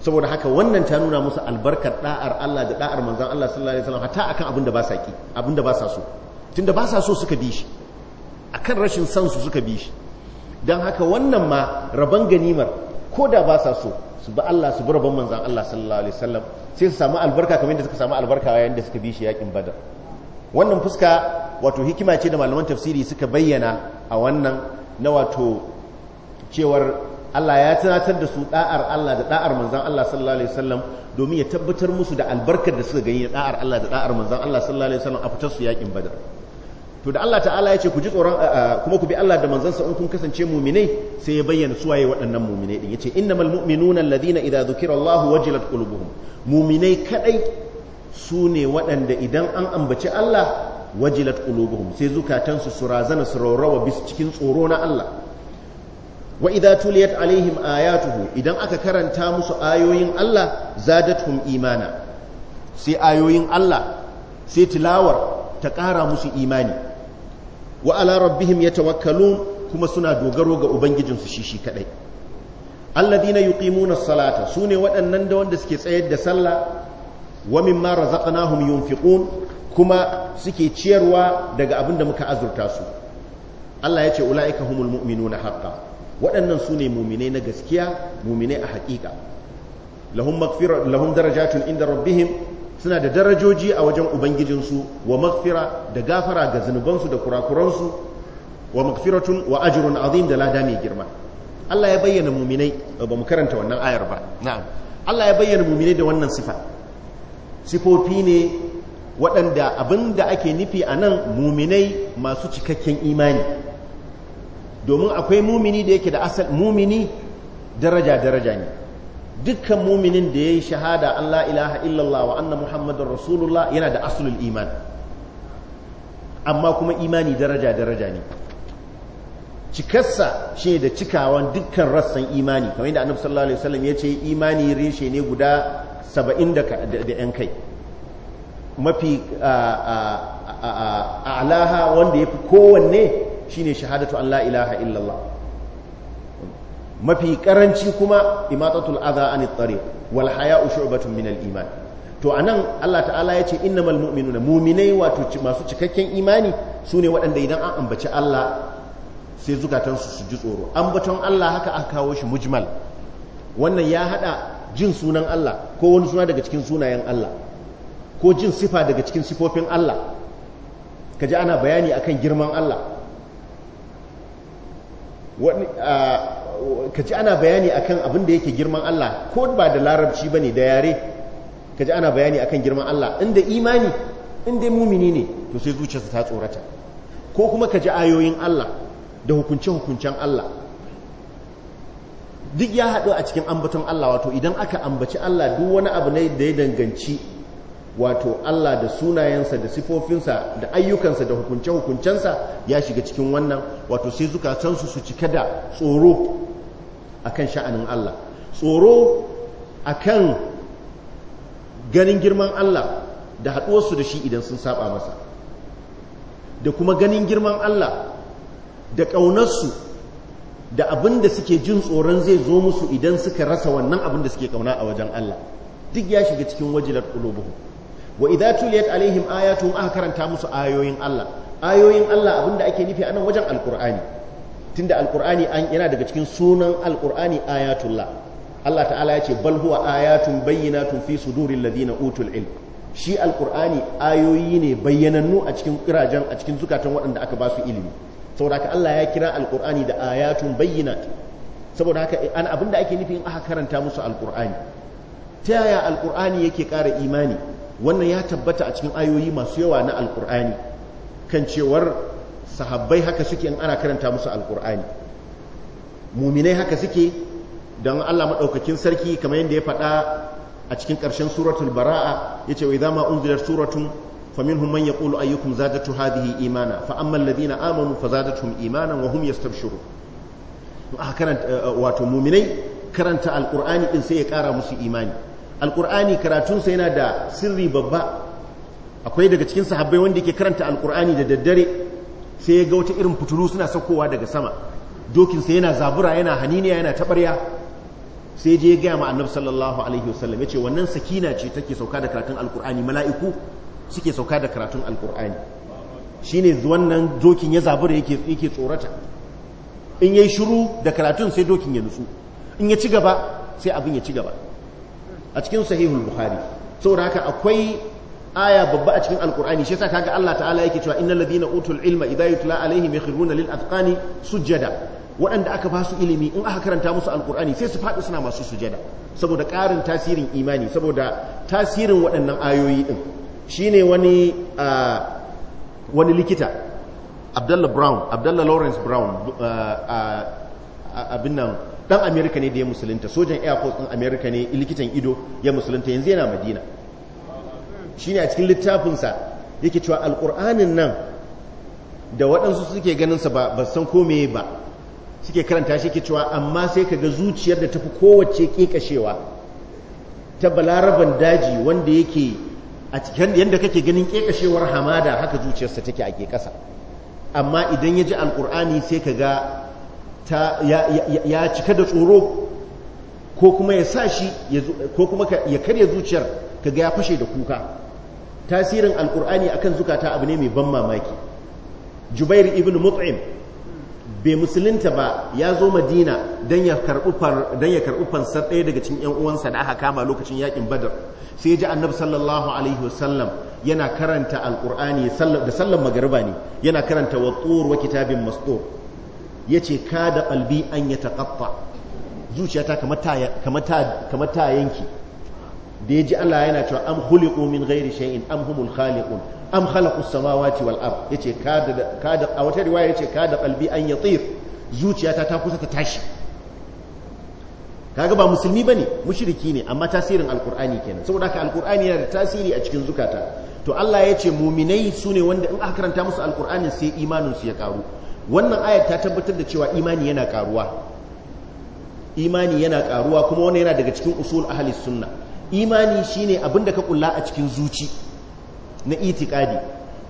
saboda haka wannan ta nuna musu albarkar da'ar Allah da da'ar manzon Allah sallallahu alaihi wasallam hatta akan abin da ba sa ki abin da ba sa so tunda ba sa so suka bi shi akan rashin san su suka bi shi dan haka wannan ma raban ganimar ko da ba sa so su bi Allah su bi rabon manzon Allah sallallahu alaihi wasallam sai su samu albarka kamar yadda suka samu albarka yayin da suka bi shi yakin badar wannan fuska wato hikima ce da malaman tafsiri suka bayyana a wannan na wato cewar Allah ya tunatar da su da'ar Allah da da'ar manzan Allah sallallahu alaihi wasallam domin ya tabbatar musu da albarkar da suka gani da da'ar Allah da da'ar manzan Allah sallallahu alaihi wasallam a fitar su yakin badar to da Allah ta'ala ya ce ku ji tsoron kuma ku bi Allah da manzansa in kun kasance mu'minai sai ya bayyana su waye waɗannan mu'minai din yace innamal mu'minuna alladhina idza dhukira Allahu wajilat qulubuhum mu'minai kadai su ne waɗanda idan an ambaci Allah wajilat qulubuhum sai zukatansu su razana su raurawa bis cikin tsoro na Allah wa idza tuliyat alaihim ayatuhu idan aka karanta musu ayoyin Allah zadatuhum imana sai ayoyin Allah sai tilawar ta ƙara musu imani wa ala rabbihim yatawakkalun kuma suna dogaro ga ubangijinsu shi shi kadai alladhina yuqimuna salata sune waɗannan da wanda suke tsayar da sallah wa mimma razaqnahum yunfiqun kuma suke ciyarwa daga abin da muka azurta su Allah ya ce ula'ika humul mu'minuna haqqan waɗannan su ne muminai na gaskiya muminai a haƙiƙa lahun darajatun inda rabbihim suna da darajoji a wajen ubangijinsu wa makfira da gafara ga zunubansu da kurakuransu wa magfiratun wa ajirun azim da lada mai girma Allah ya bayyana muminai eh, ba mu karanta wannan ayar ba Allah ya bayyana muminai da wannan sifa sifofi ne waɗanda abin da ake nufi a nan muminai masu cikakken imani domin akwai mumini da yake da asal mumini daraja daraja ne dukkan muminin da ya yi shahada an la ilaha illallah wa anna muhammadar rasulullah yana da asulul iman amma kuma imani daraja daraja ne cikarsa shi da cikawan dukkan rassan imani kamar yadda annabi sallallahu alaihi wasallam ya ce imani reshe ne guda saba'in da yan kai mafi alaha wanda ya fi kowanne shine shahadatu an la ilaha illallah mafi karanci kuma imatatul adha an at Walhaya wal haya'u shu'batun min al-iman to anan Allah ta'ala ya yace innamal mu'minuna mu'minai wato masu cikakken imani sune waɗanda idan an ambaci Allah sai zukatansu su ji tsoro ambaton Allah haka aka kawo shi mujmal wannan ya haɗa jin sunan Allah ko wani suna daga cikin sunayen Allah ko jin sifa daga cikin sifofin Allah kaji ana bayani akan girman Allah ka ji ana bayani akan abin da yake girman Allah ko ba da larabci ba ne da yare ka ji ana bayani akan girman Allah inda imani inda mumini ne to sai zuciyarsa ta tsorata ko kuma ka ji ayoyin Allah da hukunce-hukuncen Allah duk ya haɗu a cikin ambaton Allah wato idan aka ambaci Allah duk wani abu ne da ya danganci wato Allah da sunayensa da sifofinsa da ayyukansa da hukunce-hukuncensa ya shiga cikin wannan wato sai zukatansu su cika da tsoro a kan sha'anin Allah tsoro a kan ganin girman Allah da haɗuwarsu da shi idan sun saba masa da kuma ganin girman Allah da ƙaunarsu da abin da suke jin tsoron zai zo musu idan suka rasa wannan abin da suke ƙauna a wajen Allah duk ya shiga cikin wajilar ƙulubuhu wa idza tuliyat alaihim ayatuhum aka karanta musu ayoyin Allah ayoyin Allah abinda ake nufi anan wajen alqur'ani tunda alqur'ani an yana daga cikin sunan alqur'ani ayatullah Allah ta'ala ya ce bal huwa ayatun bayyinatun fi suduril ladina utul ilm shi alqur'ani ayoyi ne bayyanannu a cikin kirajan a cikin zukatan waɗanda aka ba su ilimi saboda haka Allah ya kira alqur'ani da ayatun bayyinat saboda haka an abinda ake nufi in aka karanta musu alqur'ani ta yaya alqur'ani yake kara imani wannan ya tabbata a cikin ayoyi masu yawa na alkur'ani kan cewar sahabbai haka suke in ana karanta musu alkur'ani muminai haka suke don allah maɗaukakin sarki kamar yadda ya faɗa a cikin ƙarshen suratul bara'a ya ce wai zama unzilar suratun ya hadihi imana fa'amman أيكم زادته fa إيمانا فأما wa آمنوا فزادتهم إيمانا wato muminai karanta alkur'ani ɗin sai ya ƙara musu imani. alkur'ani karatunsa yana da sirri babba akwai daga cikin sahabbai wanda yake karanta alkur'ani da daddare sai ya ga wata irin fitulu suna saukowa daga sama dokinsa yana zabura yana haniniya yana taɓarya sai je ya gaya ma annabi sallallahu alaihi wasallam ya ce wannan sakina ce take sauka da karatun alkur'ani mala'iku suke sauka da karatun alkur'ani shine wannan dokin ya zabura yake yake tsorata in yayi shiru da karatun sai dokin ya nutsu in ya ci gaba sai abin ya ci gaba a cikin sahihul bukhari saboda haka akwai aya babba a cikin alkur'ani shi yasa kaga Allah ta'ala yake cewa innal ladina utul ilma idza yutla alaihim yakhruna lil azqani sujada waɗanda aka ba su ilimi in aka karanta musu alkur'ani sai su faɗi suna masu sujada saboda ƙarin tasirin imani saboda tasirin waɗannan ayoyi din shine wani wani likita Abdullah Brown Abdullah Lawrence Brown abin nan dan amerika ne da ya musulunta sojan air force din amerika ne likitan ido ya musulunta yanzu yana madina shine a cikin littafinsa yake cewa alkur'anin nan da waɗansu suke ganinsa ba san kome ba suke karanta shi yake cewa amma sai ka ga zuciyar da tafi kowace kekashewa ta balaraban daji wanda yake a cikin yadda kake ganin kekashewar hamada haka zuciyarsa take a ke kasa amma idan ya ji alkur'ani sai ka ga. ya cika da tsoro ko kuma ya sa shi ko kuma ya karya zuciyar kaga ya fashe da kuka tasirin alkur'ani akan zukata abu ne mai ban mamaki jubair ibn mut'im bai musulunta ba ya zo madina don ya karɓi fansar ɗaya daga cikin ‘yan uwansa da aka kama lokacin yakin badar sai ji annabi sallallahu alaihi wasallam yana karanta alƙur'ani da sallan magariba ne yana karanta wa tsohuwar kitabin mastor yace kada qalbi an yataqatta zuciyata kamar ta kamar ta kamar ta yanki da yaji Allah yana cewa am khuliqu min ghairi shay'in am humul khaliqun am khalaqus samawati wal ard yace kada da a wata riwaya yace kada qalbi an zuciyata ta kusa ta tashi kaga ba musulmi bane mushriki ne amma tasirin alqur'ani kenan saboda haka alqur'ani yana da tasiri a cikin zukata to Allah ya ce muminai su ne wanda in aka karanta musu alkur'ani sai imaninsu ya karu wannan ayar ta tabbatar da cewa imani yana karuwa imani yana karuwa kuma wani yana daga cikin usul ahli sunna imani shine abin da ka kulla a cikin zuci na itikadi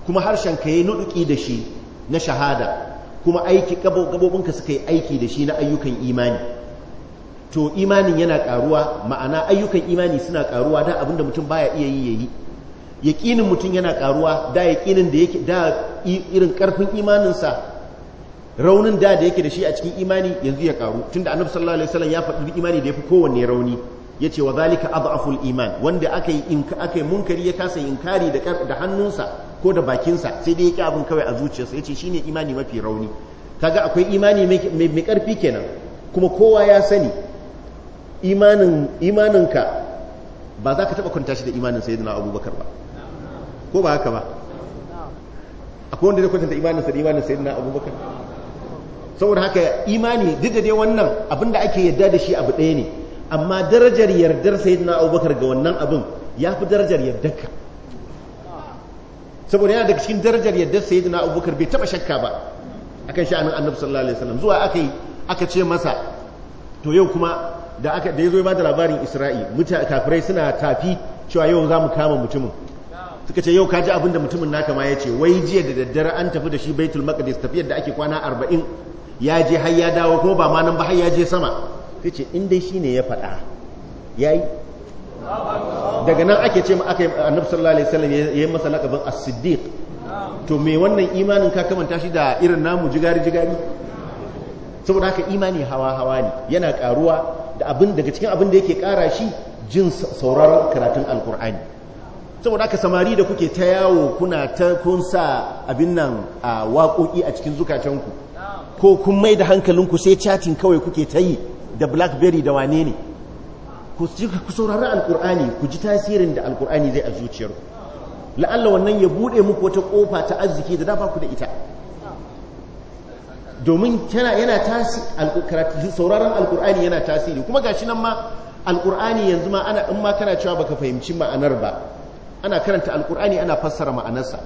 kuma harshen ka yi nuduki da shi na shahada kuma aiki gabobinka suka yi aiki da shi na ayyukan imani to imanin yana karuwa ma'ana ayyukan imani suna karuwa da abinda mutum baya iya yi yayi yaƙinin mutum yana karuwa da yaƙinin da irin karfin imaninsa raunin da da yake da shi a cikin imani yanzu ya karu tunda annabi sallallahu alaihi wasallam ya faɗi imani da yafi kowanne rauni yace wa zalika adhaful iman wanda akai in aka munkari ya kasa inkari da da hannunsa ko da bakinsa sai dai yake abin kawai a zuciyarsa yace shine imani mafi rauni kaga akwai imani mai karfi kenan kuma kowa ya sani imanin imaninka ba za ka taba kwanta shi da imanin sayyidina abubakar ba ko ba haka ba akwai wanda zai kwanta da imanin sa da imanin sayyidina abubakar saboda haka imani duk da dai wannan abin da ake yarda da shi abu ɗaya ne amma darajar yardar sayyidina abubakar ga wannan abin ya fi darajar yardarka saboda yana daga cikin darajar yardar sayyidina abubakar bai taba shakka ba akan sha'anin annabi sallallahu alaihi wasallam zuwa aka yi aka ce masa to yau kuma da aka da yazo ba labarin isra'i mutane kafirai suna tafi cewa yau za mu kama mutumin suka ce yau kaji abinda mutumin naka ma ya ce wai jiya da daddare an tafi da shi baitul maqdis tafiyar da ake kwana arba'in ya je har ya dawo ko ba ma nan ba har ya je sama ce in dai ne ya faɗa yi daga nan ake ce aka annabi sallallahu alaihi wasallam yi masa lakabin as-siddiq to me wannan imanin ka kamanta shi da irin namu jigari jigari saboda haka imani hawa hawa ne yana karuwa da abin daga cikin abin da yake kara shi jin sauraron karatun alkur'ani saboda haka samari da kuke ta yawo kuna ta kunsa sa abin nan a waƙoƙi a cikin zukatanku ko kun mai da hankalinku sai chatting kawai kuke ta yi da blackberry da wane ne ku saurari alkur'ani ku ji tasirin da alkur'ani zai a zuciyar la'alla wannan ya bude muku wata kofa ta arziki da dafa ku da ita domin yana tasiri sauraron alkur'ani yana tasiri kuma gashi nan ma alkur'ani yanzu ma ana in ma kana cewa baka fahimci ma'anar ba ana karanta alkur'ani ana fassara ma'anarsa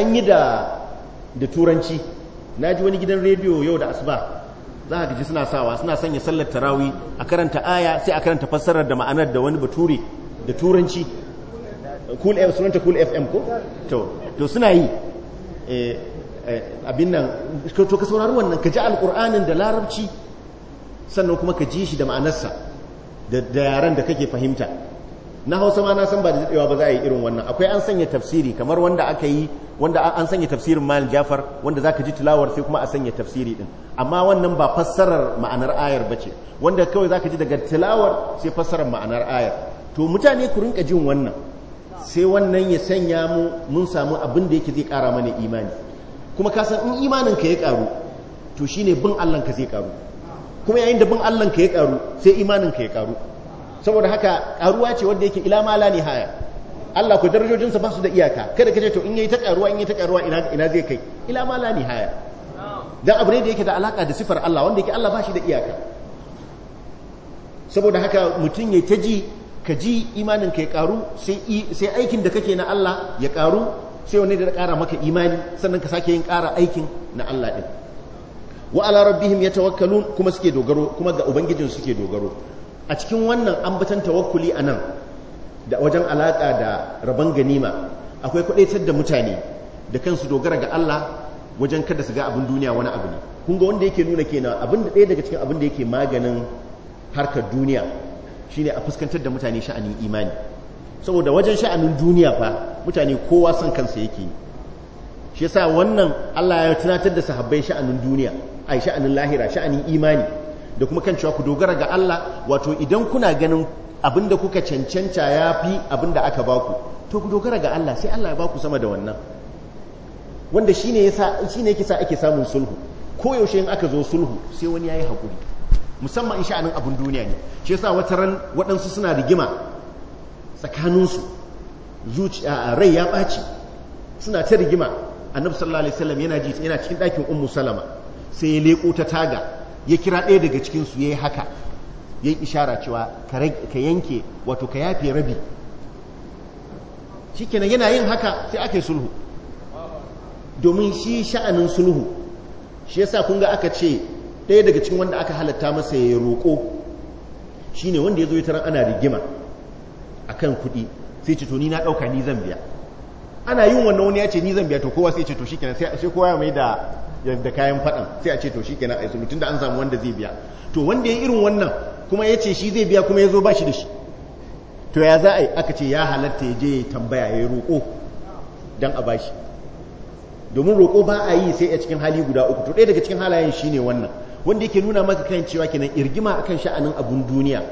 an yi da turanci na ji wani gidan rediyo yau da asuba za ka ji suna sawa suna sanya sallar tarawi a karanta aya sai a karanta fassarar da ma'anar da wani bature da turanci cool fm sunanta cool fm ko to to suna yi eh, eh, abin nan to ka saurari wannan ka ji alkur'anin da larabci sannan kuma ka ji shi da ma'anarsa da yaren da kake fahimta na hausa ma na san ba da daɗewa ba za a yi irin wannan akwai an sanya tafsiri kamar wanda aka yi wanda an sanya tafsirin mal jafar wanda za ka ji tilawar sai kuma a sanya tafsiri din amma wannan ba fassarar ma'anar ayar ba ce wanda kawai za ka ji daga tilawar sai fassarar ma'anar ayar to mutane ku rinka jin wannan sai wannan ya sanya mu mun samu abin da yake zai ƙara mana imani kuma ka san in imanin ka ya ƙaru to shine bin allan ka zai ƙaru kuma yayin da bin allah ka ya ƙaru sai imanin ka ya ƙaru saboda haka karuwa ce wanda yake ila ma la nihaya Allah ku darajojinsa ba su da iyaka kada ka ce to in yayi ta karuwa in yayi ta karuwa ina ina zai kai ila ma la nihaya dan abu ne da yake da alaka da sifar Allah wanda yake Allah ba shi da iyaka saboda haka mutum ya ta ji ka ji imanin ka ya karu sai sai aikin da kake na Allah ya karu sai wani da kara maka imani sannan ka sake yin kara aikin na Allah din wa ala rabbihim yatawakkalun kuma suke dogaro kuma ga ubangijin suke dogaro a cikin wannan an ambatan tawakkuli a nan da wajen alaƙa da rabon ganima akwai kwadaitar da mutane da kansu dogara ga Allah wajen kada su ga abin duniya wani abu ne kun ga wanda yake nuna kenan abin da ɗaya daga cikin abin da yake maganin harkar duniya shine a fuskantar da mutane sha'anin imani saboda wajen sha'anin duniya fa mutane kowa son kansa yake shi yasa wannan Allah ya tunatar da sahabbai sha'anin duniya ai sha'anin lahira sha'anin imani da kuma kan cewa ku dogara ga Allah wato idan kuna ganin abinda kuka cancanta ya fi abinda aka baku to ku dogara ga Allah sai Allah ya baku sama da wannan wanda shine yasa shine yake sa ake samun sulhu ko yaushe in aka zo sulhu sai wani yayi hakuri musamman in sha'anin abin duniya ne shi yasa wata ran waɗansu suna rigima tsakaninsu zuciya a rai ya baci suna ta rigima annabi sallallahu alaihi wasallam yana ji yana cikin ɗakin ummu salama sai ya leko ta taga ya kira ɗaya daga cikinsu ya yi haka ya yi ishara cewa ka yanke wato ka yafe rabi shi kenan yana yin haka sai ake sulhu domin shi sha'anin sulhu shi yasa kun ga aka ce ɗaya daga cikin wanda aka halatta masa ya roƙo shine wanda ya zo ya taron ana rigima kan kuɗi sai ce to ni na ɗauka ni zan biya ana yin wannan wani ya ce ni zan biya to kowa sai ce to shikenan sai kowa ya mai da da kayan faɗan sai a ce to shi kenan a yi mutum tunda an samu wanda zai biya to wanda ya irin wannan kuma ya ce shi zai biya kuma ya zo ba shi da shi to ya za a yi aka ce ya halatta ya je ya tambaya ya roƙo don a ba shi domin roƙo ba a yi sai a cikin hali guda uku to ɗaya daga cikin halayen shi ne wannan wanda yake nuna maka kan cewa kenan irgima akan sha'anin abun duniya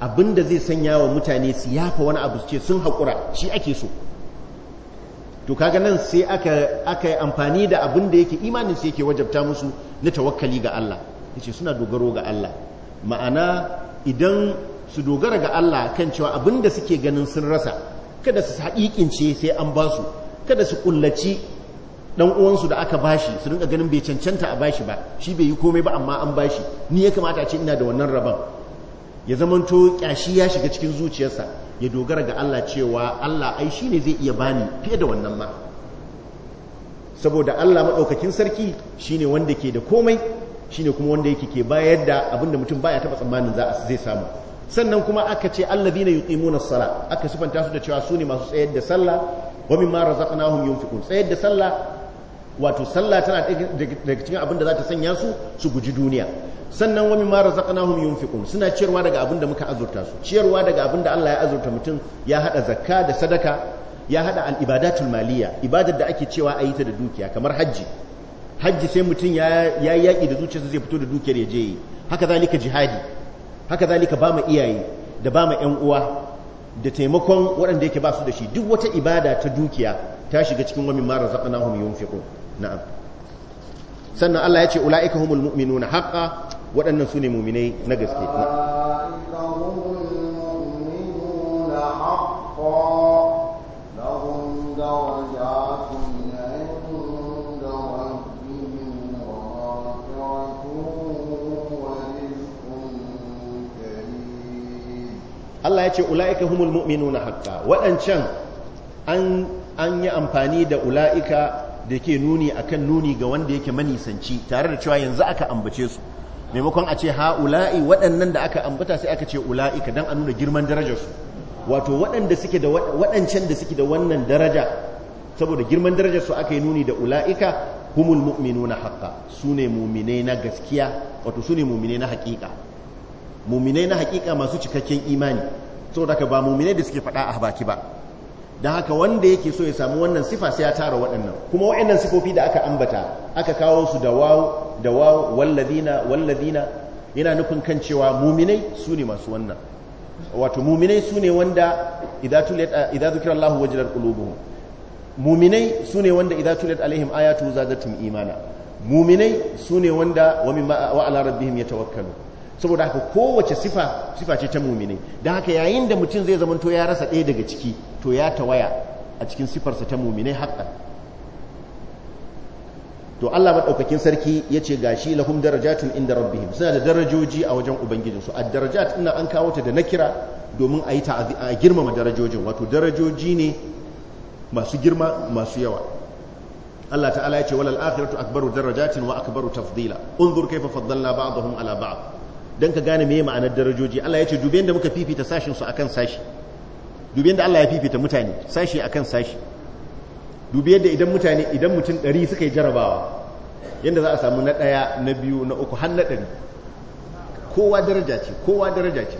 abin da zai sanya wa mutane su yafa wani abu ce sun haƙura shi ake so to kaga nan sai aka yi amfani da abin da yake imanin su yake wajabta musu na tawakkali ga Allah yace suna dogaro ga Allah ma'ana idan su dogara ga Allah kan cewa abin da suke ganin sun rasa kada su haƙiƙince sai an ba su kada su ƙullaci dan uwansu da aka bashi su rinka ganin bai cancanta a bashi ba shi bai yi komai ba amma an bashi ni ya kamata a ce ina da wannan rabon ya zamanto ƙyashi ya shiga cikin zuciyarsa ya dogara ga Allah cewa Allah ai shi ne zai iya bani fiye da wannan ma saboda Allah maɗaukakin sarki shi ne wanda ke da komai shi ne kuma wanda yake ke bayar da abinda mutum baya taɓa tsammanin za zai samu sannan kuma aka ce allazina yuqimuna as-sala aka sifanta su da cewa su ne masu tsayar da sallah wa yi razaqnahum yunfiqun tsayar da sallah wato sallah tana daga cikin abin da za ta sanya su su guji duniya sannan wani mara wa mimma razaqnahum yunfiqun suna ciyarwa daga abin da muka azurta su ciyarwa daga abin da Allah ya azurta mutum ya haɗa zakka da sadaka ya haɗa al ibadatul maliya ibadar da ake cewa a yi ta da dukiya kamar hajji hajji sai mutum ya ya yaki da zuciyarsa zai fito da dukiyar ya je yi haka zalika jihadi haka zalika ba ma iyaye da ba ma yan uwa da taimakon waɗanda yake ba su da shi duk wata ibada ta dukiya ta shiga cikin wani mara wa mimma razaqnahum yunfiqun na'am sannan Allah ya ce ula'ika humul na haqqa waɗannan su ne muminai na gaske Allah ya ce ula'ika humul na haƙƙa waɗancan an yi amfani da ula'ika da ke nuni akan nuni ga wanda yake manisanci tare da cewa yanzu aka ambace su maimakon a ce ula'i waɗannan da aka ambata sai aka ce ula'ika don a nuna girman darajarsu wato waɗancan da suke da wannan daraja saboda girman darajarsu aka yi nuni da ula'ika humul na haƙa su ne mummine na gaskiya wato su ne mummine na haƙiƙa mummine na haƙiƙa masu cikakken imani saboda ka ba muminai da suke faɗa a baki ba don haka wanda yake so ya samu wannan sifa sai ya tara waɗannan kuma waɗannan sifofi da aka ambata aka kawo su da wawo da wawo wallazina wallazina yana nufin kan cewa muminai su ne masu wannan wato muminai su ne wanda idza zukira Allahu wajilar qulubuhum muminai su ne wanda idza tulat alaihim ayatu zadatum imana muminai su ne wanda wa mimma wa ala rabbihim yatawakkalu saboda haka kowace sifa sifa ce ta muminai dan haka yayin da mutum zai zamanto ya rasa ɗaya daga ciki to ya tawaya a cikin sifarsa ta muminai haƙƙan to Allah madaukakin sarki yace gashi lahum darajatun inda rabbihim suna da darajoji a wajen ubangijinsu a darajat ina an kawo ta da nakira domin a yi ta a girmama darajojin wato darajoji ne masu girma masu yawa Allah ta'ala yace walal akhiratu akbaru darajatin wa akbaru tafdila unzur kayfa faddalna ba'dahum ala ba'd dan ka gane meye ma'anar darajoji Allah yace dubi yanda muka fifita sashin su akan sashi dubi yanda Allah ya fifita mutane sashi akan sashi dubi yadda idan mutane idan mutum ɗari suka yi jarabawa yadda za a samu na ɗaya na biyu na uku har na ɗari kowa daraja ce kowa daraja ce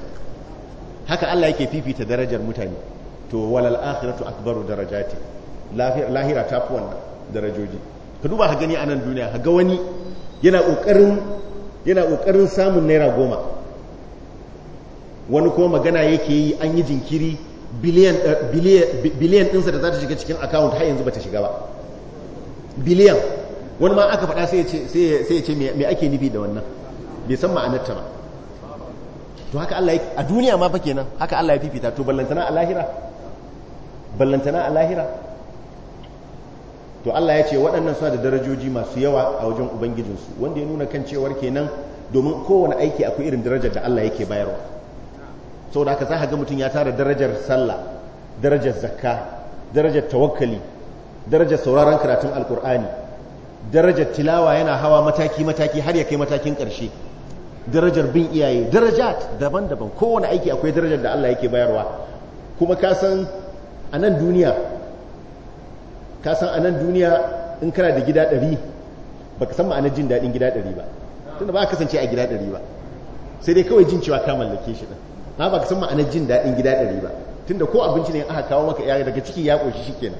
haka Allah yake fifita darajar mutane to walal akhiratu akbaru darajati lahira ta fi wannan darajoji ka duba ha gani a nan duniya ha ga wani yana ƙoƙarin yana ƙoƙarin samun naira goma wani kuma magana yake yi an yi jinkiri Eh, biliyan ɗinsa da za ta shiga cikin account har yanzu ba ta shiga ba biliyan wani ma aka faɗa sai ya ce mai ake nufi da wannan bai san ma'anarta ba to haka Allah a duniya ma fa kenan haka Allah ya fifita to ballantana a lahira ballantana a lahira to Allah ya ce waɗannan suna da darajoji masu yawa a wajen ubangijinsu wanda ya nuna kan cewar kenan domin kowane aiki akwai irin darajar da Allah yake bayarwa saboda haka za ka ga mutum ya tara darajar sallah darajar zakka darajar tawakkali darajar sauraron karatun alkur'ani darajar tilawa yana hawa mataki mataki har ya kai matakin ƙarshe darajar bin iyaye darajat daban-daban kowane aiki akwai darajar da Allah yake bayarwa kuma ka san a nan duniya ka san a nan duniya in kana da gida ɗari ba ka san ma'anar jin daɗin gida ɗari ba tunda ba a kasance a gida ɗari ba sai dai kawai jin cewa ka mallake shi ɗin ba ba ka san ma'anar jin daɗin gida ɗari ba tunda ko abinci ne aka kawo maka yare daga ciki ya ƙoshi shi kenan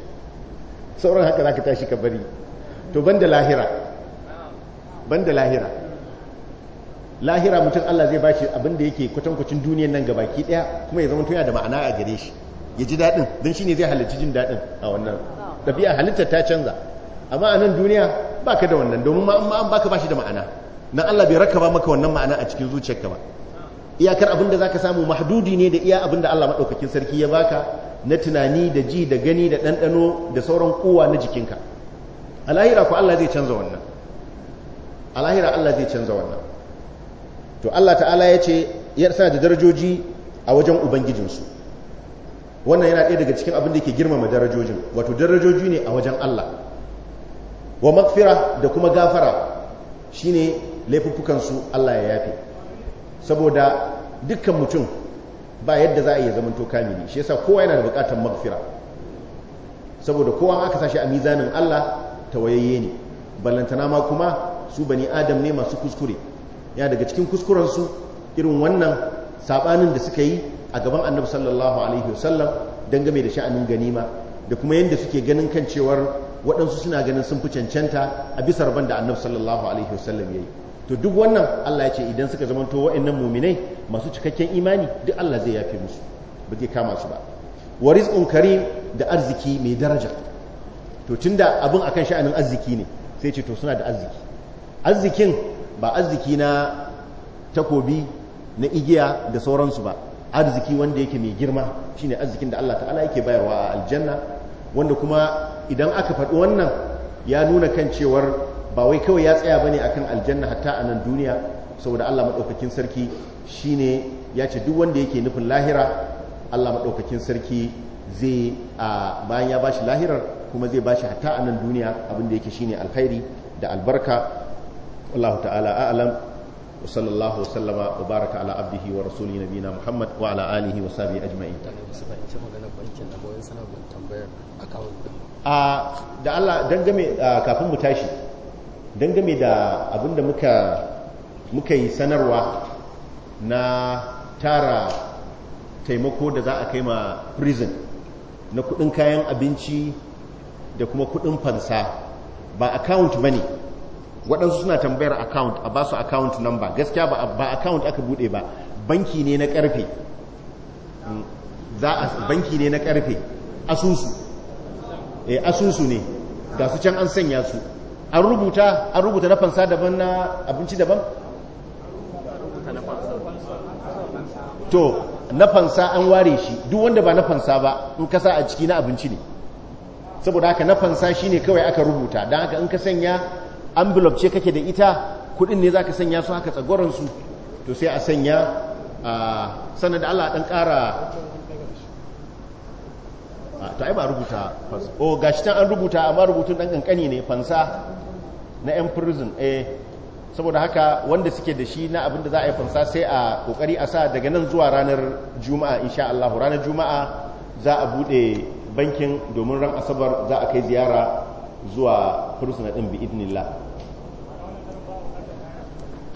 sauran haka za ka tashi ka bari to ban da lahira ban da lahira lahira mutum Allah zai bashi abin da yake kwatankwacin duniyan nan ga baki ɗaya kuma ya zama tuya da ma'ana a gare shi ya ji daɗin don shi ne zai halarci jin daɗin a wannan ɗabi'a halittar ta canza amma a nan duniya ba ka da wannan domin ba ka ba bashi da ma'ana na Allah bai raka ba maka wannan ma'ana a cikin zuciyarka ba iyakar abin da ka samu mahdudi ne da iya abin da Allah maɗaukakin sarki ya baka na tunani da ji da gani da ɗanɗano da sauran kowa na jikinka a lahira ku Allah zai canza wannan a Allah zai canza wannan to Allah ta'ala ya ce ya sa da darajoji a wajen ubangijinsu wannan yana ɗaya daga cikin abin da ke girmama darajojin wato darajoji ne a wajen Allah wa makfira da kuma gafara shine laifuffukansu Allah ya yafe saboda dukkan mutum ba yadda za a iya zaman to kamili shi yasa kowa yana da bukatar magfira saboda kowa aka sashi a mizanin Allah ta tawayayye ne ballantana ma kuma su bani adam ne masu kuskure ya daga cikin kuskurensu irin wannan sabanin da suka yi a gaban Annabi sallallahu alaihi wasallam game da sha'anin ganima da kuma yanda suke ganin kan cewar waɗansu suna ganin sun fi cancanta a bisa rabon da Annabi sallallahu alaihi wasallam yayi to duk wannan Allah ya ce idan suka zama zamanto wa'annan muminai masu cikakken imani duk Allah zai yafe musu ba zai kama su ba wa rizqun karim da arziki mai daraja to tunda abin akan sha'anin arziki ne sai ce to suna da arziki arzikin ba arziki na takobi na igiya da sauransu ba arziki wanda yake mai girma shine arzikin da Allah ta'ala yake bayarwa a aljanna wanda kuma idan aka faɗi wannan ya nuna kan cewar ba wai kawai ya tsaya bane akan aljanna hatta a nan duniya saboda Allah madaukakin sarki shine ya ce duk wanda yake nufin lahira Allah madaukakin sarki zai a bayan ya bashi lahirar kuma zai bashi hatta a nan duniya abin da yake shine alkhairi da albarka allah ta'ala a'lam wa sallallahu wa sallama wa baraka ala abdihi wa rasuli nabina muhammad wa ala alihi wa sahbihi ajma'in a da Allah dangame kafin mu tashi game da abinda muka muka yi sanarwa na tara taimako da za a kai ma prison na kudin kayan abinci da kuma kudin fansa ba account bane waɗansu suna tambayar account a ba basu account number gaskiya ba account aka bude ba banki ne na karfe za banki ne na karfe asusu eh asusu ne ga su can an sanya su an rubuta an rubuta na fansa daban na abinci daban to na fansa an ware shi duk wanda ba na fansa ba in kasa a ciki na abinci ne saboda haka na fansa shine kawai aka rubuta don haka in ka sanya envelope ce kake da ita kudin ne za ka sanya su haka tsagoransu to sai a sanya ah, sanar da Allah dan kara to ai ba rubuta o oh gashi can an rubuta amma rubutun dan kankani ne fansa na yan prison eh saboda haka wanda suke da shi na abinda za a yi fansa sai a kokari a sa daga nan zuwa ranar juma'a insha Allah ranar juma'a za a bude bankin domin ran asabar za a kai ziyara zuwa prison din bi idnillah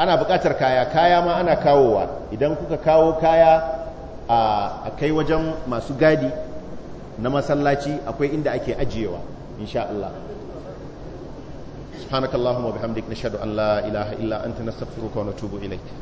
ana bukatar kaya kaya ma ana kawowa idan kuka kawo kaya a kai wajen masu gadi na masallaci akwai inda ake ajiyewa insha Allah subhanakallahumma bihamdik nashhadu an la ilaha illa anta nastaghfiruka wa natubu ilaik